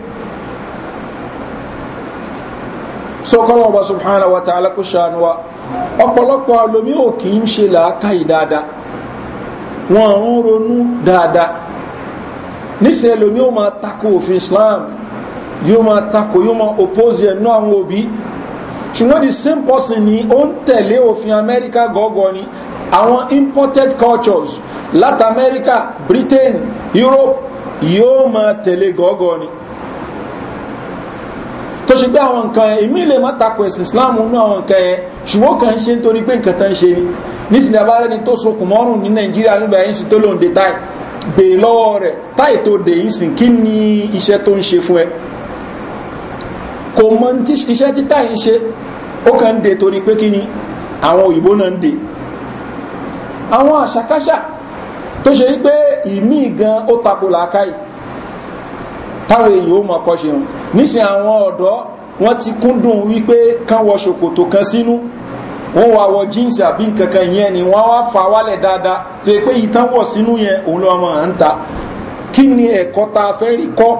so kọ́lọ́ ọba subhana wa ta'ala kó ṣàánú wa ọ̀pọ̀lọpọ̀ alomi ò kì í ṣe làákàyè dáadáa wọn ń ronú dáadáa níṣẹ́ lomi ó máa tako òfin islam yóò máa tako yóò máa oppose ẹ̀ náà àwọn òbí ṣùgbọ́n the same person ni ó ń tẹ̀lé òfin amẹ́ríkà gọ́gọ́ ni àwọn imported cultures latin america britain europe yóò máa tẹ̀lé gọ́gọ́ ni tó ṣe pé àwọn nǹkan ẹ̀ lè má takò ẹ̀sìn islam nú àwọn nǹkan ẹ̀ ṣùgbọ́n kàn ń ṣe nítorí pé nǹkan tán ṣe ni nísìnyí abárẹ́ni tó sokùn mọ́rùn ní nàìjíríà nígbà yẹn sì tó lòun dé táì bèè lọ́wọ́ rẹ̀ táì tó dé yìí sìn kí ni iṣẹ́ tó ń ṣe fún ẹ kò mọ iṣẹ́ tí táì ń ṣe ó kàn ń dé torí pé kí ni àwọn òyìnbó náà ń dé àwọn àṣàkáṣà tó ṣe wípé ìmí gan ó takò làákàyè táwọn èèyàn ó mọ̀ kọ́ ṣe hàn nísìn àwọn ọ̀dọ́ wọ́n ti kúndùn wípé kán wọ ṣòkòtò kan sínú wọ́n wá wọ jíǹsì àbí nǹkan yẹn ni wọ́n wá fà wálẹ̀ dáadáa tó yẹ pé ìtàn wọ̀ sínú yẹn òun lọ́mọ à ń ta kí ni ẹ̀kọ́ ta fẹ́ rí kọ́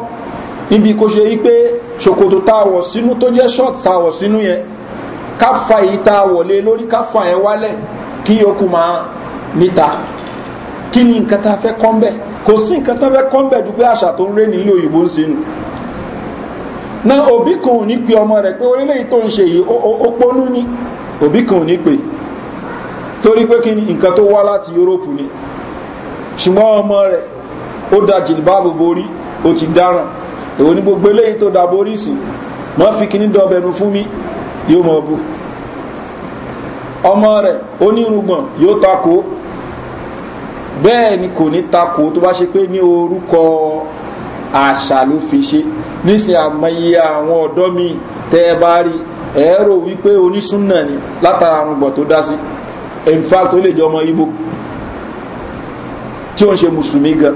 níbi kò ṣe wípé ṣòkòtò tá a wọ̀ sínú tó jẹ́ short tá a wọ̀ sínú yẹn ká fa èyí tá lórí ká fa yẹn wálẹ̀ kí yòókù máa níta kí ni nǹkan tá a fẹ́ kọ́ ń bẹ̀ kò sí nǹkan tá a fẹ́ na òbí kan ò ní pe ọmọ rẹ̀ pé orílẹ̀-èdè tó ń ṣe yìí ó ni òbí kan ò ní pe torí pé kí ni nǹkan ni ṣùgbọ́n ọmọ rẹ̀ ó da jìlbáàbò borí ó ti dáràn èwo ni gbogbo eléyìí tó da borí ma mọ́ fi kíní dọ̀bẹ̀nu fún mi yóò mọ̀ ọmọ rẹ̀ yóò takò bẹ́ẹ̀ ni kò ní takò tó bá ṣe pé ní orúkọ àṣà ló fi ṣe nísìn àmọye àwọn ọ̀dọ́ mi tẹ́ ẹ bá rí ẹ̀rọ wípé onísúnà ni látara àrùngbọ̀ tó dá sí in fact ó lè jọ ọmọ ibo tí ó ń ṣe mùsùlùmí gan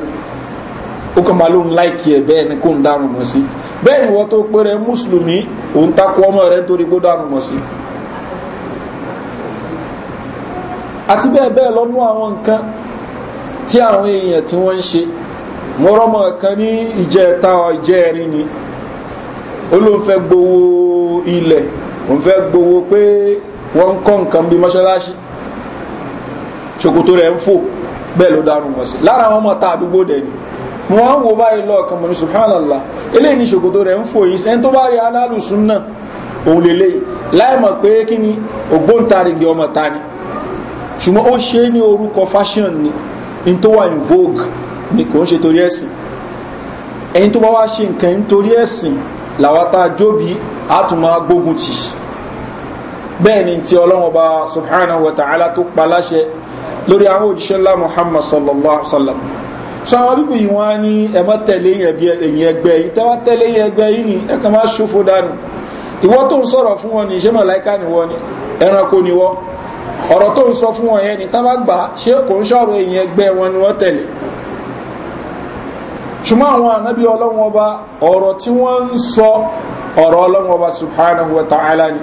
ó kàn máa ló ń láìkí ẹ̀ bẹ́ẹ̀ ni kó ń dárùn sí bẹ́ẹ̀ ni wọ́n tó pé rẹ mùsùlùmí òun takò ọmọ rẹ nítorí kó dárùn mọ́ sí àti bẹ́ẹ̀ bẹ́ẹ̀ lọ́nú àwọn nǹkan tí àwọn èèyàn tí wọ́n ń ṣe mọ́rọ́mọ́ kan ní ìjẹta ọjẹ́ ẹ̀rin ni ó ló ń fẹ́ gbowó ilẹ̀ òun fẹ́ gbowó pé wọ́n ń kọ́ nǹkan bí mọ́ṣáláṣí ṣòkòtò rẹ̀ ń fò bẹ́ẹ̀ ló dárun wọ́n sí lára àwọn ọmọ ta àdúgbò dẹ̀ ni mo wá ń wo báyìí lọ́ọ̀kan mọ̀ ní subhanallah eléyìí ni ṣòkòtò rẹ̀ ń fò yìí sẹ́ni tó bá rí alálùsùn náà òun lè léyìí láìmọ̀ pé kí ni ògbóǹtarìgì ọmọ ta ni ṣùgbọ́n ó ṣe é ní orúkọ fashion ni in tó wà in vogue ni kò ń ṣe torí ẹ̀sìn ẹni tó bá wá ṣe nǹkan nítorí ẹ̀sìn làwátá jóbi àtúmọ̀ gbógun tì bẹ́ẹ̀ ni ti ọlọ́run ọba subhanahu wa ta'ala tó pa láṣẹ lórí àwọn òjíṣẹ́ ńlá muhammad sallallahu alaihi wa sallam sọ àwọn bíbí yìí wọ́n á ní ẹ̀mọ́ tẹ̀lé ẹ̀yìn ẹgbẹ́ yìí tẹ́wọ́ tẹ́lé ẹ̀yìn ẹgbẹ́ yìí ni ẹ̀kan máa ṣòfò dànù ìwọ́ tó ń sọ̀rọ̀ fún wọn ní ìṣẹ́mọ̀ láìka ni wọ́n ni ẹranko ni wọ́n ọ̀rọ̀ tó ń sọ fún wọn yẹn nìkan bá gbà ṣé kò ń ṣọ̀rọ̀ èèyàn ẹgbẹ́ wọn ni wọ́n tẹ̀lé ṣùgbọ́n àwọn ànábí ọlọ́run ọba ọ̀rọ̀ tí wọ́n ń sọ ọ̀rọ̀ ọlọ́run ọba subhanahu wa ta'ala ni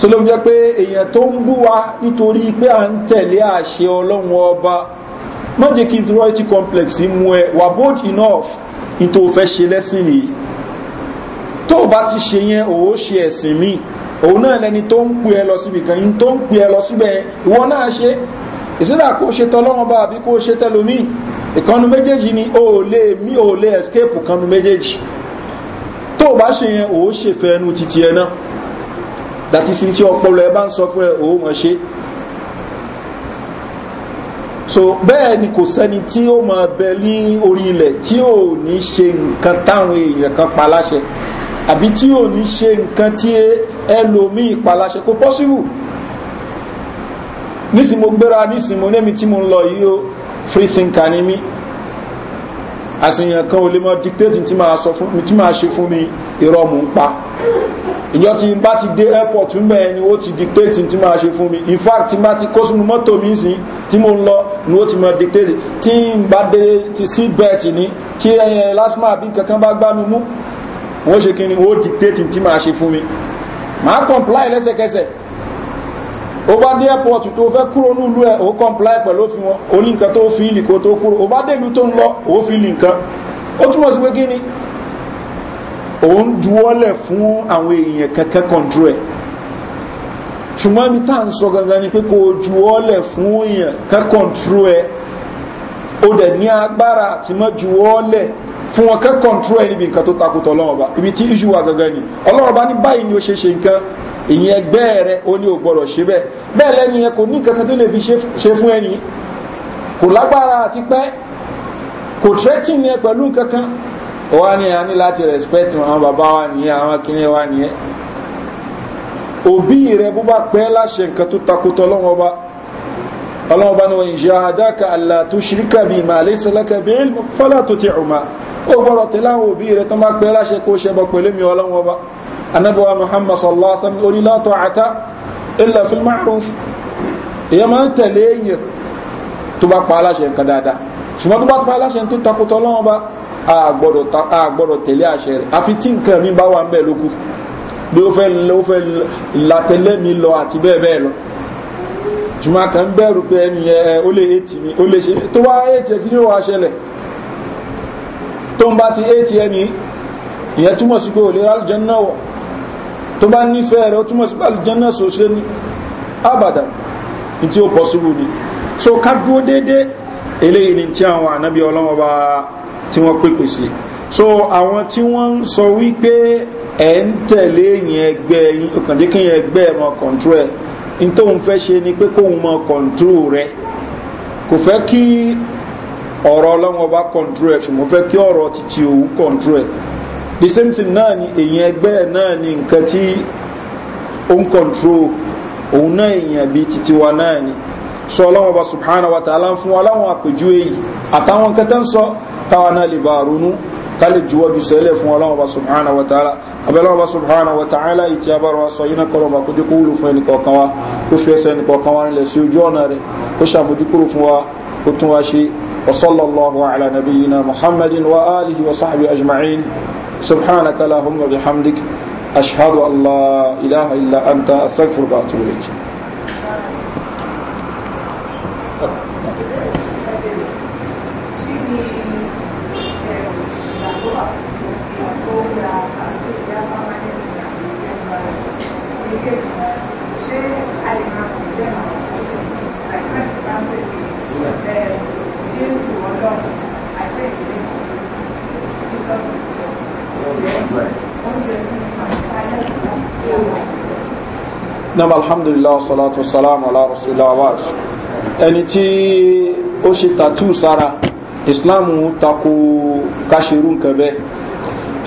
so ló jẹ́ pé èèyàn tó ń bú wa nítorí pé à ń tẹ̀lé àṣẹ ọlọ́run ọba má jẹ́ kí inferiority complex mú ẹ wà bold enough ní tó fẹ́ ṣe lẹ́sìn yìí tó bá ti ṣe yẹn òó ṣe ẹ̀sìn míì òun náà lẹni tó ń pè ẹ lọ síbi kan yín tó ń pè ẹ lọ síbẹ̀ ìwọ náà ṣe ìsìnlá kó ṣe tọlọ́wọ́n bá àbí kó ṣe tẹlómi ìkanu méjèèjì ni o ò lè mí o ò lè escape kanu méjèèjì tó o bá ṣe yẹn o ó ṣe fẹnu titi ẹ náà dàtí sí tí ọpọlọ ẹ bá ń sọ fún ẹ o mọ ṣe so bẹ́ẹ̀ ni kò sẹ́ni tí ó mọ bẹ ní orí ilẹ̀ tí ò ní ṣe nǹkan táwọn èèyàn kan pa láṣẹ àbí tí ò ní ṣe nǹkan tí ẹlòmí ìpàlàṣẹ kó pọ́síwù nísìn mo gbéra nísìn mo nẹ́mi tí mo ń lọ yìí ó free thinker ni mí àṣìyàn kan ò lè mọ dictate tí máa ṣe fún mi irọ́ mò ń pa ìjọ tí bá ti dé airport mbẹ ni ó ti dictate tí máa ṣe fún mi in fact tí n bá ti kó sínú mọ́tò mi sí tí mo ń lọ ni ó ti mọ dictate tí n bá dé ti sí bẹ́ẹ̀tì ni tí ẹyẹ eh, lásìmọ́ àbí kankan bá gbá mi mú wọ́n ṣe kíni wọ́n dictate tí máa ṣe fún mi máa comply lẹ́sẹ̀kẹsẹ̀ ó bá dé airport tó fẹ́ kúrò nílùú ẹ̀ ó comply pẹ̀lú òfin wọn ó ní nǹkan tó fi ìlì kó tó kúrò ó bá délùú tó ń lọ ó fi ìlì nǹkan ó túmọ̀ sí pé kíni òun juwọ́lẹ̀ fún àwọn èèyàn kẹ́kẹ́ control ẹ̀ ṣùgbọ́n ibi tá à ń sọ gangan ni pé kò juwọ́lẹ̀ fún èèyàn kẹ́kọ̀ọ́ control ẹ̀ ó dẹ̀ ní agbára àti mọ́ juwọ́lẹ̀ fún wọn kẹ́ kọ́ntró ẹ níbi nǹkan tó takùtọ̀ ọlọ́ọ̀ba ibi tí iṣu wa gangan ni ọlọ́ọ̀ba ní báyìí ni ó ṣe ṣe nǹkan ìyẹn ẹgbẹ́ rẹ ó ní ò gbọ́dọ̀ ṣe bẹ́ẹ̀ bẹ́ẹ̀ lẹ́ni yẹn kò ní nǹkan kan tó lè fi ṣe fún ẹni kò lágbára àti pẹ́ kò threatening yẹn pẹ̀lú nǹkan kan wa ni a ní láti respect àwọn bàbá wa nìyẹn àwọn kìnìún wa nìyẹn òbí rẹ bó bá pẹ́ láṣẹ nǹkan tó takùtọ̀ ọlọ́ọ̀ba ọlọ́ọ̀ba ni wọ́n ìṣe àdáka àlàtúṣìríkàbí màálẹ́sẹ̀lẹ́kàbí fọ́lá tó ti ọ̀ma ó gbọ́dọ̀ tẹ̀lé àwọn òbí rẹ̀ tó máa pẹ́ láṣẹ kó ṣẹbọ pẹ̀lú mi ọlọ́wọ́ bá anábọ̀wá muhammad sallallahu alaihi wa sallam onílàtọ̀ àtà ilẹ̀ fi márùn-ún èèyàn máa ń tẹ̀lé èèyàn tó bá pa aláṣẹ nǹkan dáadáa ṣùgbọ́n tó bá pa aláṣẹ tó takotọ́ ọlọ́wọ́ bá a gbọ́dọ̀ tẹ̀lé àṣẹ rẹ̀ àfi tí nǹkan mi bá wà ń bẹ̀ lókù bí ó fẹ́ ó mi lọ àti bẹ́ẹ̀ bẹ́ẹ̀ lọ ṣùgbọ́n kàn bẹ̀rù pé ẹnìyẹn ó lè ètì ni ó lè ṣe tó bá ètì ẹ̀ kí ni ó wá ṣẹlẹ̀ tó ń bá ti éètì ẹni ìyẹn túmọ̀ sí pé ò lè aljanna wọ̀ tó bá nífẹ̀ẹ́ rẹ̀ ó túmọ̀ sí pé aljanna sọ ṣe ni abada ní tí ó pọ̀síwò ni so ká dúró déédéé eléyìí ni tí àwọn ànábì ọlọ́wọ́ bá tí wọ́n pèpè sí so àwọn tí wọ́n ń sọ wípé ẹ̀ ń tẹ̀lé yẹn ẹgbẹ́ yín òkàndínkì yẹn ẹgbẹ́ ẹ̀ mọ̀ kọ̀ǹtúrò ẹ̀ ní tóun fẹ́ ṣe ni pé kóun mọ̀ kọ̀ǹtúrò rẹ̀ kò fẹ́ kí ọ̀rọ̀ ọlọ́run ọba control ẹ̀ ṣùgbọ́n fẹ́ kí ọ̀rọ̀ títí òun control ẹ̀ the same thing náà ni èyàn ẹgbẹ́ ẹ̀ náà ni nǹkan tí ó ń control òun náà èyàn bíi títí wa náà ni sọ ọlọ́run ọba subhanahu wa ta'ala ń fún wa láwọn àpèjú èyí àtàwọn nǹkan tẹ́ ń sọ táwa náà lè bá a ká lè juwọ́ sẹ́lẹ̀ fún ọlọ́run ọba subhanahu wa ta'ala abẹ́lẹ́ ọba Subhana wa ta'ala ìtì abára wa sọ yín náà kọ́lọ́ ọba kó jẹ́ wúlò fún ẹnìkọ̀ọ̀kan wa kó fi ẹsẹ̀ ẹnìkọ̀ọ̀kan wa nílẹ̀ sí ojú ọ̀nà rẹ̀ kó ṣàbójúkúrò fún wa kó tún wa ṣe وصلى الله على نبينا محمد وآله وصحبه أجمعين سبحانك اللهم وبحمدك أشهد أن لا إله إلا أنت أستغفرك وأتوب إليك náà alhamdulilah salatu salam ala rasulillah awaaj ẹni tí ó ṣe tàtú sára islam tako káṣerú nǹkan bẹ́ẹ̀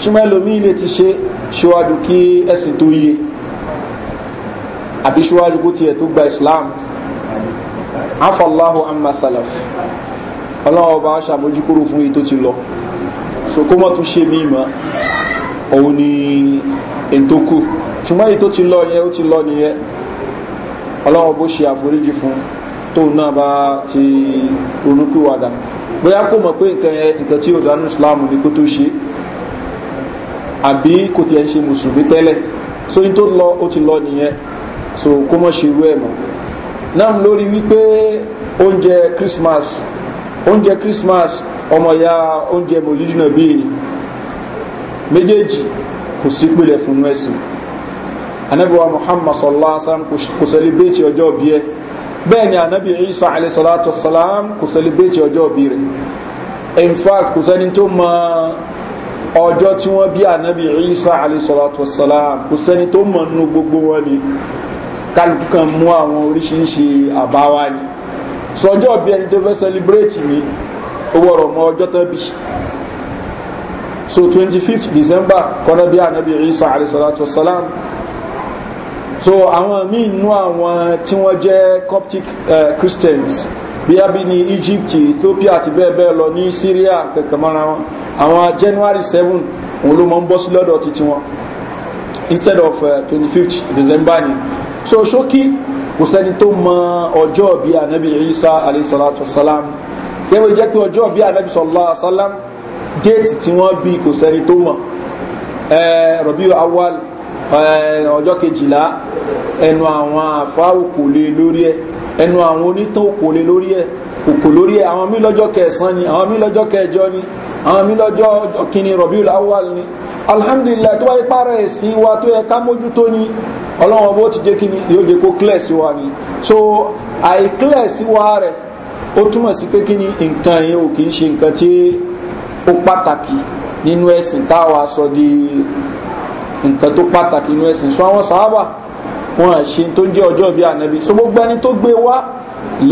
ṣùgbọ́n ẹlòmíì lè ti ṣe ṣíwájú kí ẹ̀sìn tó yé àbí ṣíwájú kó tiẹ̀ tó gba islam afọláhu amasalaf ọlọ́wọ́ bá ṣàmójúkúrò fún èyí tó ti lọ so tún ṣe mí òun ni ètò kù ṣùgbọ́n èyí tó ti lọ yẹn ó ti lọ nìyẹn ọlọ́wọ́ bó ṣe àforíjì fún tóun náà bá ti ronúkúwàdà bóyá kò mọ̀ pé nǹkan yẹn nǹkan tí ọ̀dánù islam ní kó tó ṣe àbí kò tiẹ̀ ń ṣe mùsùlùmí tẹ́lẹ̀ so yín tó lọ ó ti lọ nìyẹn so kó mọ̀ ṣe irú ẹ̀ mọ̀ náà lórí wípé oúnjẹ christmas oúnjẹ christmas ọmọ ya oúnjẹ mòlídìí náà bíi ni méjèèjì kò sí pèlè fún ẹ̀sìn anabi wa muhammad sallallahu alaihi wasallam kò sẹlẹbẹtì ọjọ́ òbí ẹ bẹ́ẹ̀ ni anabi isa alayhi salatu wasalam kò sẹlẹbẹtì ọjọ́ òbí rẹ in fact kò sẹni tó mọ ọjọ́ tí wọ́n bí anabi isa alayhi salatu wasalam kò sẹni tó mọ nínú gbogbo wọn ni kálukú kan mú àwọn oríṣiríṣi àbáwá ni sọjọ́ òbí ẹni tó fẹ́ sẹlẹbẹtì mi owó ọ̀rọ̀ mọ ọjọ́ tán bí so twenty fifth december kọ́nà bí anabi isa alayhi salatu wasalam so àwọn míì nú àwọn tí wọ́n jẹ́ coptic uh, christians bíyà bí ní egypt ethiopia àti bẹ́ẹ̀ bẹ́ẹ̀ lọ ní syria kankan mọ́ra wọn àwọn january seven òun ló máa ń bọ́ sí lọ́dọ̀ títí wọn instead of eh, twenty uh, fifth december ni so ṣókí kò sẹ́ni tó mọ ọjọ́ bíi anabi isa alayhisalatu salam yẹ́wọ́ jẹ́ pé ọjọ́ bíi anabi sallallahu alayhi salam déètì tí wọ́n bí kò sẹ́ni tó mọ̀ eh, rọ̀bí awal ọjọ́ kejìlá ẹnu àwọn àfa okole lórí ẹ ẹnu àwọn onítàn okole lórí ẹ òkò lórí ẹ àwọn lọ́jọ́ kẹsàn-án ni àwọn lọ́jọ́ kẹjọ ni àwọn míì lọ́jọ́ kìnnì rọ̀bíùlà ni alhamdulilayi tó wáyé pààrọ̀ ẹ̀sìn wa tó yẹ ká mójútó ni ọlọ́wọ́n bó ti jẹ́ kí ni yóò clear sí wa ni so àìclear sí wa rẹ̀ ó túmọ̀ sí pé kí ni nǹkan yẹn ò kì í ṣe nǹkan tí ó pàtàkì nínú sọ di nǹkan tó pàtàkì nínú wọn àṣe tó jẹ́ ọjọ́ bí ànábi so gbogbo ẹni tó gbé wá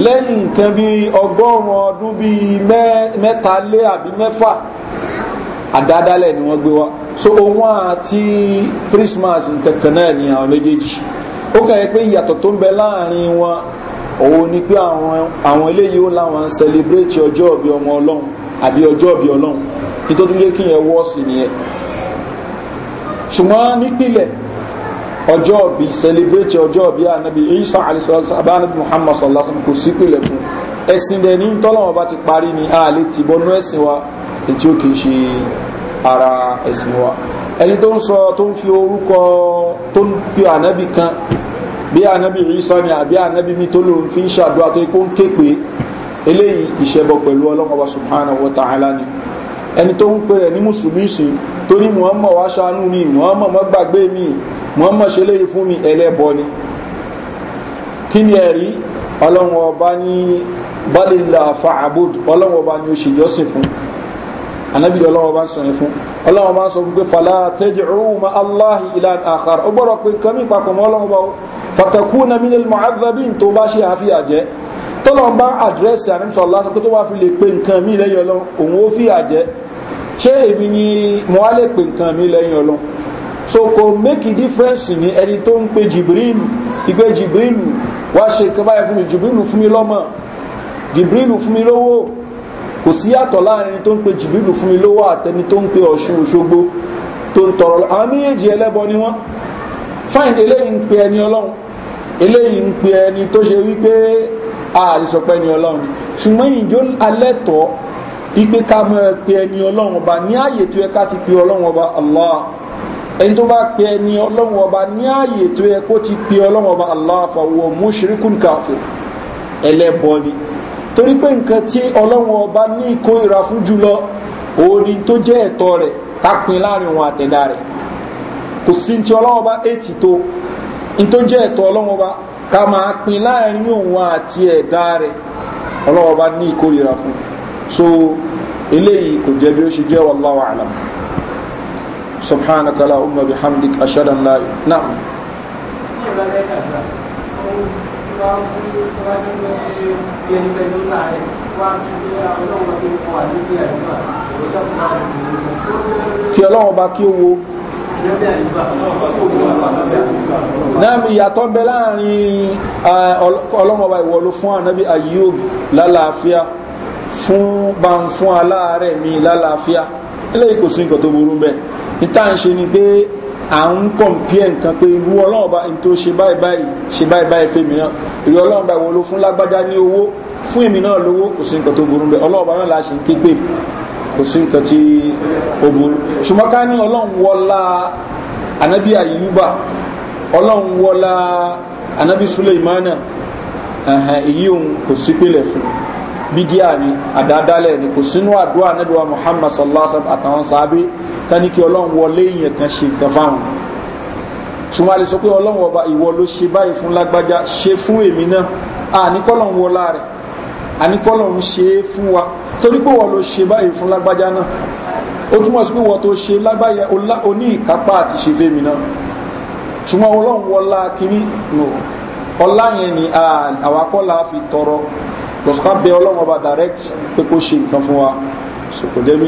lẹ́yìn nǹkan bí ọgọ́rùn-ún ọdún bí mẹ́ta lé àbí mẹ́fà àdádálẹ̀ ni wọ́n gbé wá so òun àti christmas nǹkan kan náà ni àwọn méjèèjì ó kàn yẹ pé ìyàtọ̀ tó ń bẹ láàrin wọn òun ni pé àwọn eléyìí ó láwọn ń celebrate ọjọ́ ọ̀bí ọmọ ọlọ́run àbí ọjọ́ ọ̀bí ọlọ́run nítorí lé kí yẹn wọ́ sí nìyẹn ṣùgbọ́n nípìnlẹ̀ ọjọ́ bí sẹlẹ̀bẹ̀tì ọjọ́ bí anabi isa alisalaam abanabi muhammad sallallahu alaihi wa sallam kò sí pìlẹ̀ fún ẹ̀sìn dẹ̀ ní tọ́lọ́wọ́n bá ti parí ni a lè ti bọ́nú ẹ̀sìn wa ètí ó kìí ṣe ara ẹ̀sìn wa ẹni tó ń sọ tó ń fi orúkọ tó ń pe anabi kan bí anabi isa ni àbí anabi mi tó lòun fi ń ṣàdúrà tó ipò ń képe eléyìí ìṣẹ́bọ pẹ̀lú ọlọ́mọba subhanahu wa ta'ala ni ẹni tó ń pè ní mùsùlùmí sìn torí muhammad wa ṣàánú mi muhammad mọ́ gbàgbé mi muhammad ṣe léyìí fún mi ẹlẹ́bọ ni kí ni ẹ̀rí ọlọ́run ọba ní balila fa'abud ọlọ́run ọba ni ó ṣe jọ́sìn fún anabi ọlọ́run ọba ń sọ yẹn fún ọlọ́run ọba ń sọ fún pé fàlà tẹ́jú ọ̀húnmá aláhi ìlànà àkàrà ó gbọ́dọ̀ pé kàmí papọ̀ mọ́ ọlọ́run ọba fàtàkù na mí nílùú mọ́àdàbín tó bá ṣe àfihàn jẹ́ tọ́lọ́run bá àdírẹ́sì àníṣọ́ aláṣọ pé tó wá fi lè pe nǹkan mí lẹ́yìn ọlọ́run òun ó fìyà jẹ́ ṣé èmi ni mo wá lè pe nǹkan mí lẹ́yìn ọlọ́run so kò make a difference ní ẹni tó ń pe jibrilu ìgbé jibrilu wá ṣe nǹkan báyìí fún mi jibrilu fún mi lọ́mọ jibrilu fún mi lówó kò sí yàtọ̀ láàrin ẹni tó ń pe jibrilu fún mi lówó àtẹni tó ń pe ọ̀ṣun òṣogbo tó ń tọrọ lọ àwọn méjèèjì ẹlẹ́bọ ni wọ́n fáìndì eléyìí ń pe ẹni ọlọ́run eléyìí ń pe ẹni tó ṣe wípé àrísọpẹ́ ni ọlọ́run ni ṣùgbọ́n ìjó alẹ́tọ̀ọ́ ipe ká mọ́ ẹ pe ẹni ọlọ́run ọba ní ààyè tó yẹ ká ti pe ọlọ́run ọba allah ẹni tó bá pe ẹni ọlọ́run ọba ní ààyè tó yẹ kó ti pe ọlọ́run ọba aláfa wọ mọ́ṣíríkùn káfíìn ẹlẹ́bọ ni torí pé nǹkan tí ọlọ́run ọba ní ìkórira fún jùlọ òní tó jẹ́ ẹ̀tọ́ rẹ̀ ká pin láàrin òun àtẹ̀dá rẹ̀ kò sí ti ọlọ́run ọba ètì tó ní tó jẹ́ ẹ̀tọ́ ọlọ́run ọba ká máa pin láàrin òun àti ẹ̀dá rẹ̀ ọlọ́run ọba ní ìkórira fún so eléyìí kò jẹ́ bí ó ṣe jẹ́ wàláwàá subhanaka allahumma bihamdik ashhadu an la ilaha kí ọlọ́run bá kí ó wo náàmì ìyàtọ̀ bẹ láàrin ọlọ́run ọba ìwọ̀ ló fún ànábì ayub lálàáfíà fún bá ń fún aláàárẹ̀ mi lálàáfíà eléyìí kò nǹkan tó burú bẹ́ẹ̀ níta ń ṣe ni pé à ń kọ̀m̀pìẹ̀ nǹkan pé irú ọlọ́run bá tó ṣe báyìí báyìí ṣe báyìí báyìí fún èmi náà irú ọlọ́run bá wo ló fún lágbájá ní owó fún èmi náà lówó kò sí nǹkan tó burú bẹ́ẹ̀ ọlọ́run bá náà la ṣe ń ké pè kò sí nǹkan tí ó burú ṣùgbọ́n ká ní ọlọ́run wọlá anabi ayuba ọlọ́run wọlá anabi suleimana èyí òun kò sí pélé fún un bídíà ni àdáadáalẹ̀ ni kò sínú àdúrà níbi wa muhammad sallallahu alaihi wa sallam àtàwọn sábẹ́ Kani ní kí ọlọ́run wọlé èèyàn kan ṣe nǹkan fáwọn ṣùgbọ́n a lè sọ pé ọlọ́run ọba ìwọ ló ṣe báyìí fún lágbájá ṣe fún èmi náà àníkọ́lọ̀ wọlá rẹ̀ àníkọ́lọ̀ ṣe é fún wa torí pé wọ́n ló ṣe báyìí fún lágbájá náà ó túmọ̀ sí pé wọ́n tó ṣe lágbáyà oní ìkápá àti ṣe fẹ́mi náà ṣùgbọ́n ọlọ́run wọlá kínní nù ọlá yẹn ni àwakọ́lá fi tọrọ lọ́sọ̀ká bẹ ọlọ́run ọba direct pé kó ṣe nǹkan fún wa sọ kò jẹ́ bí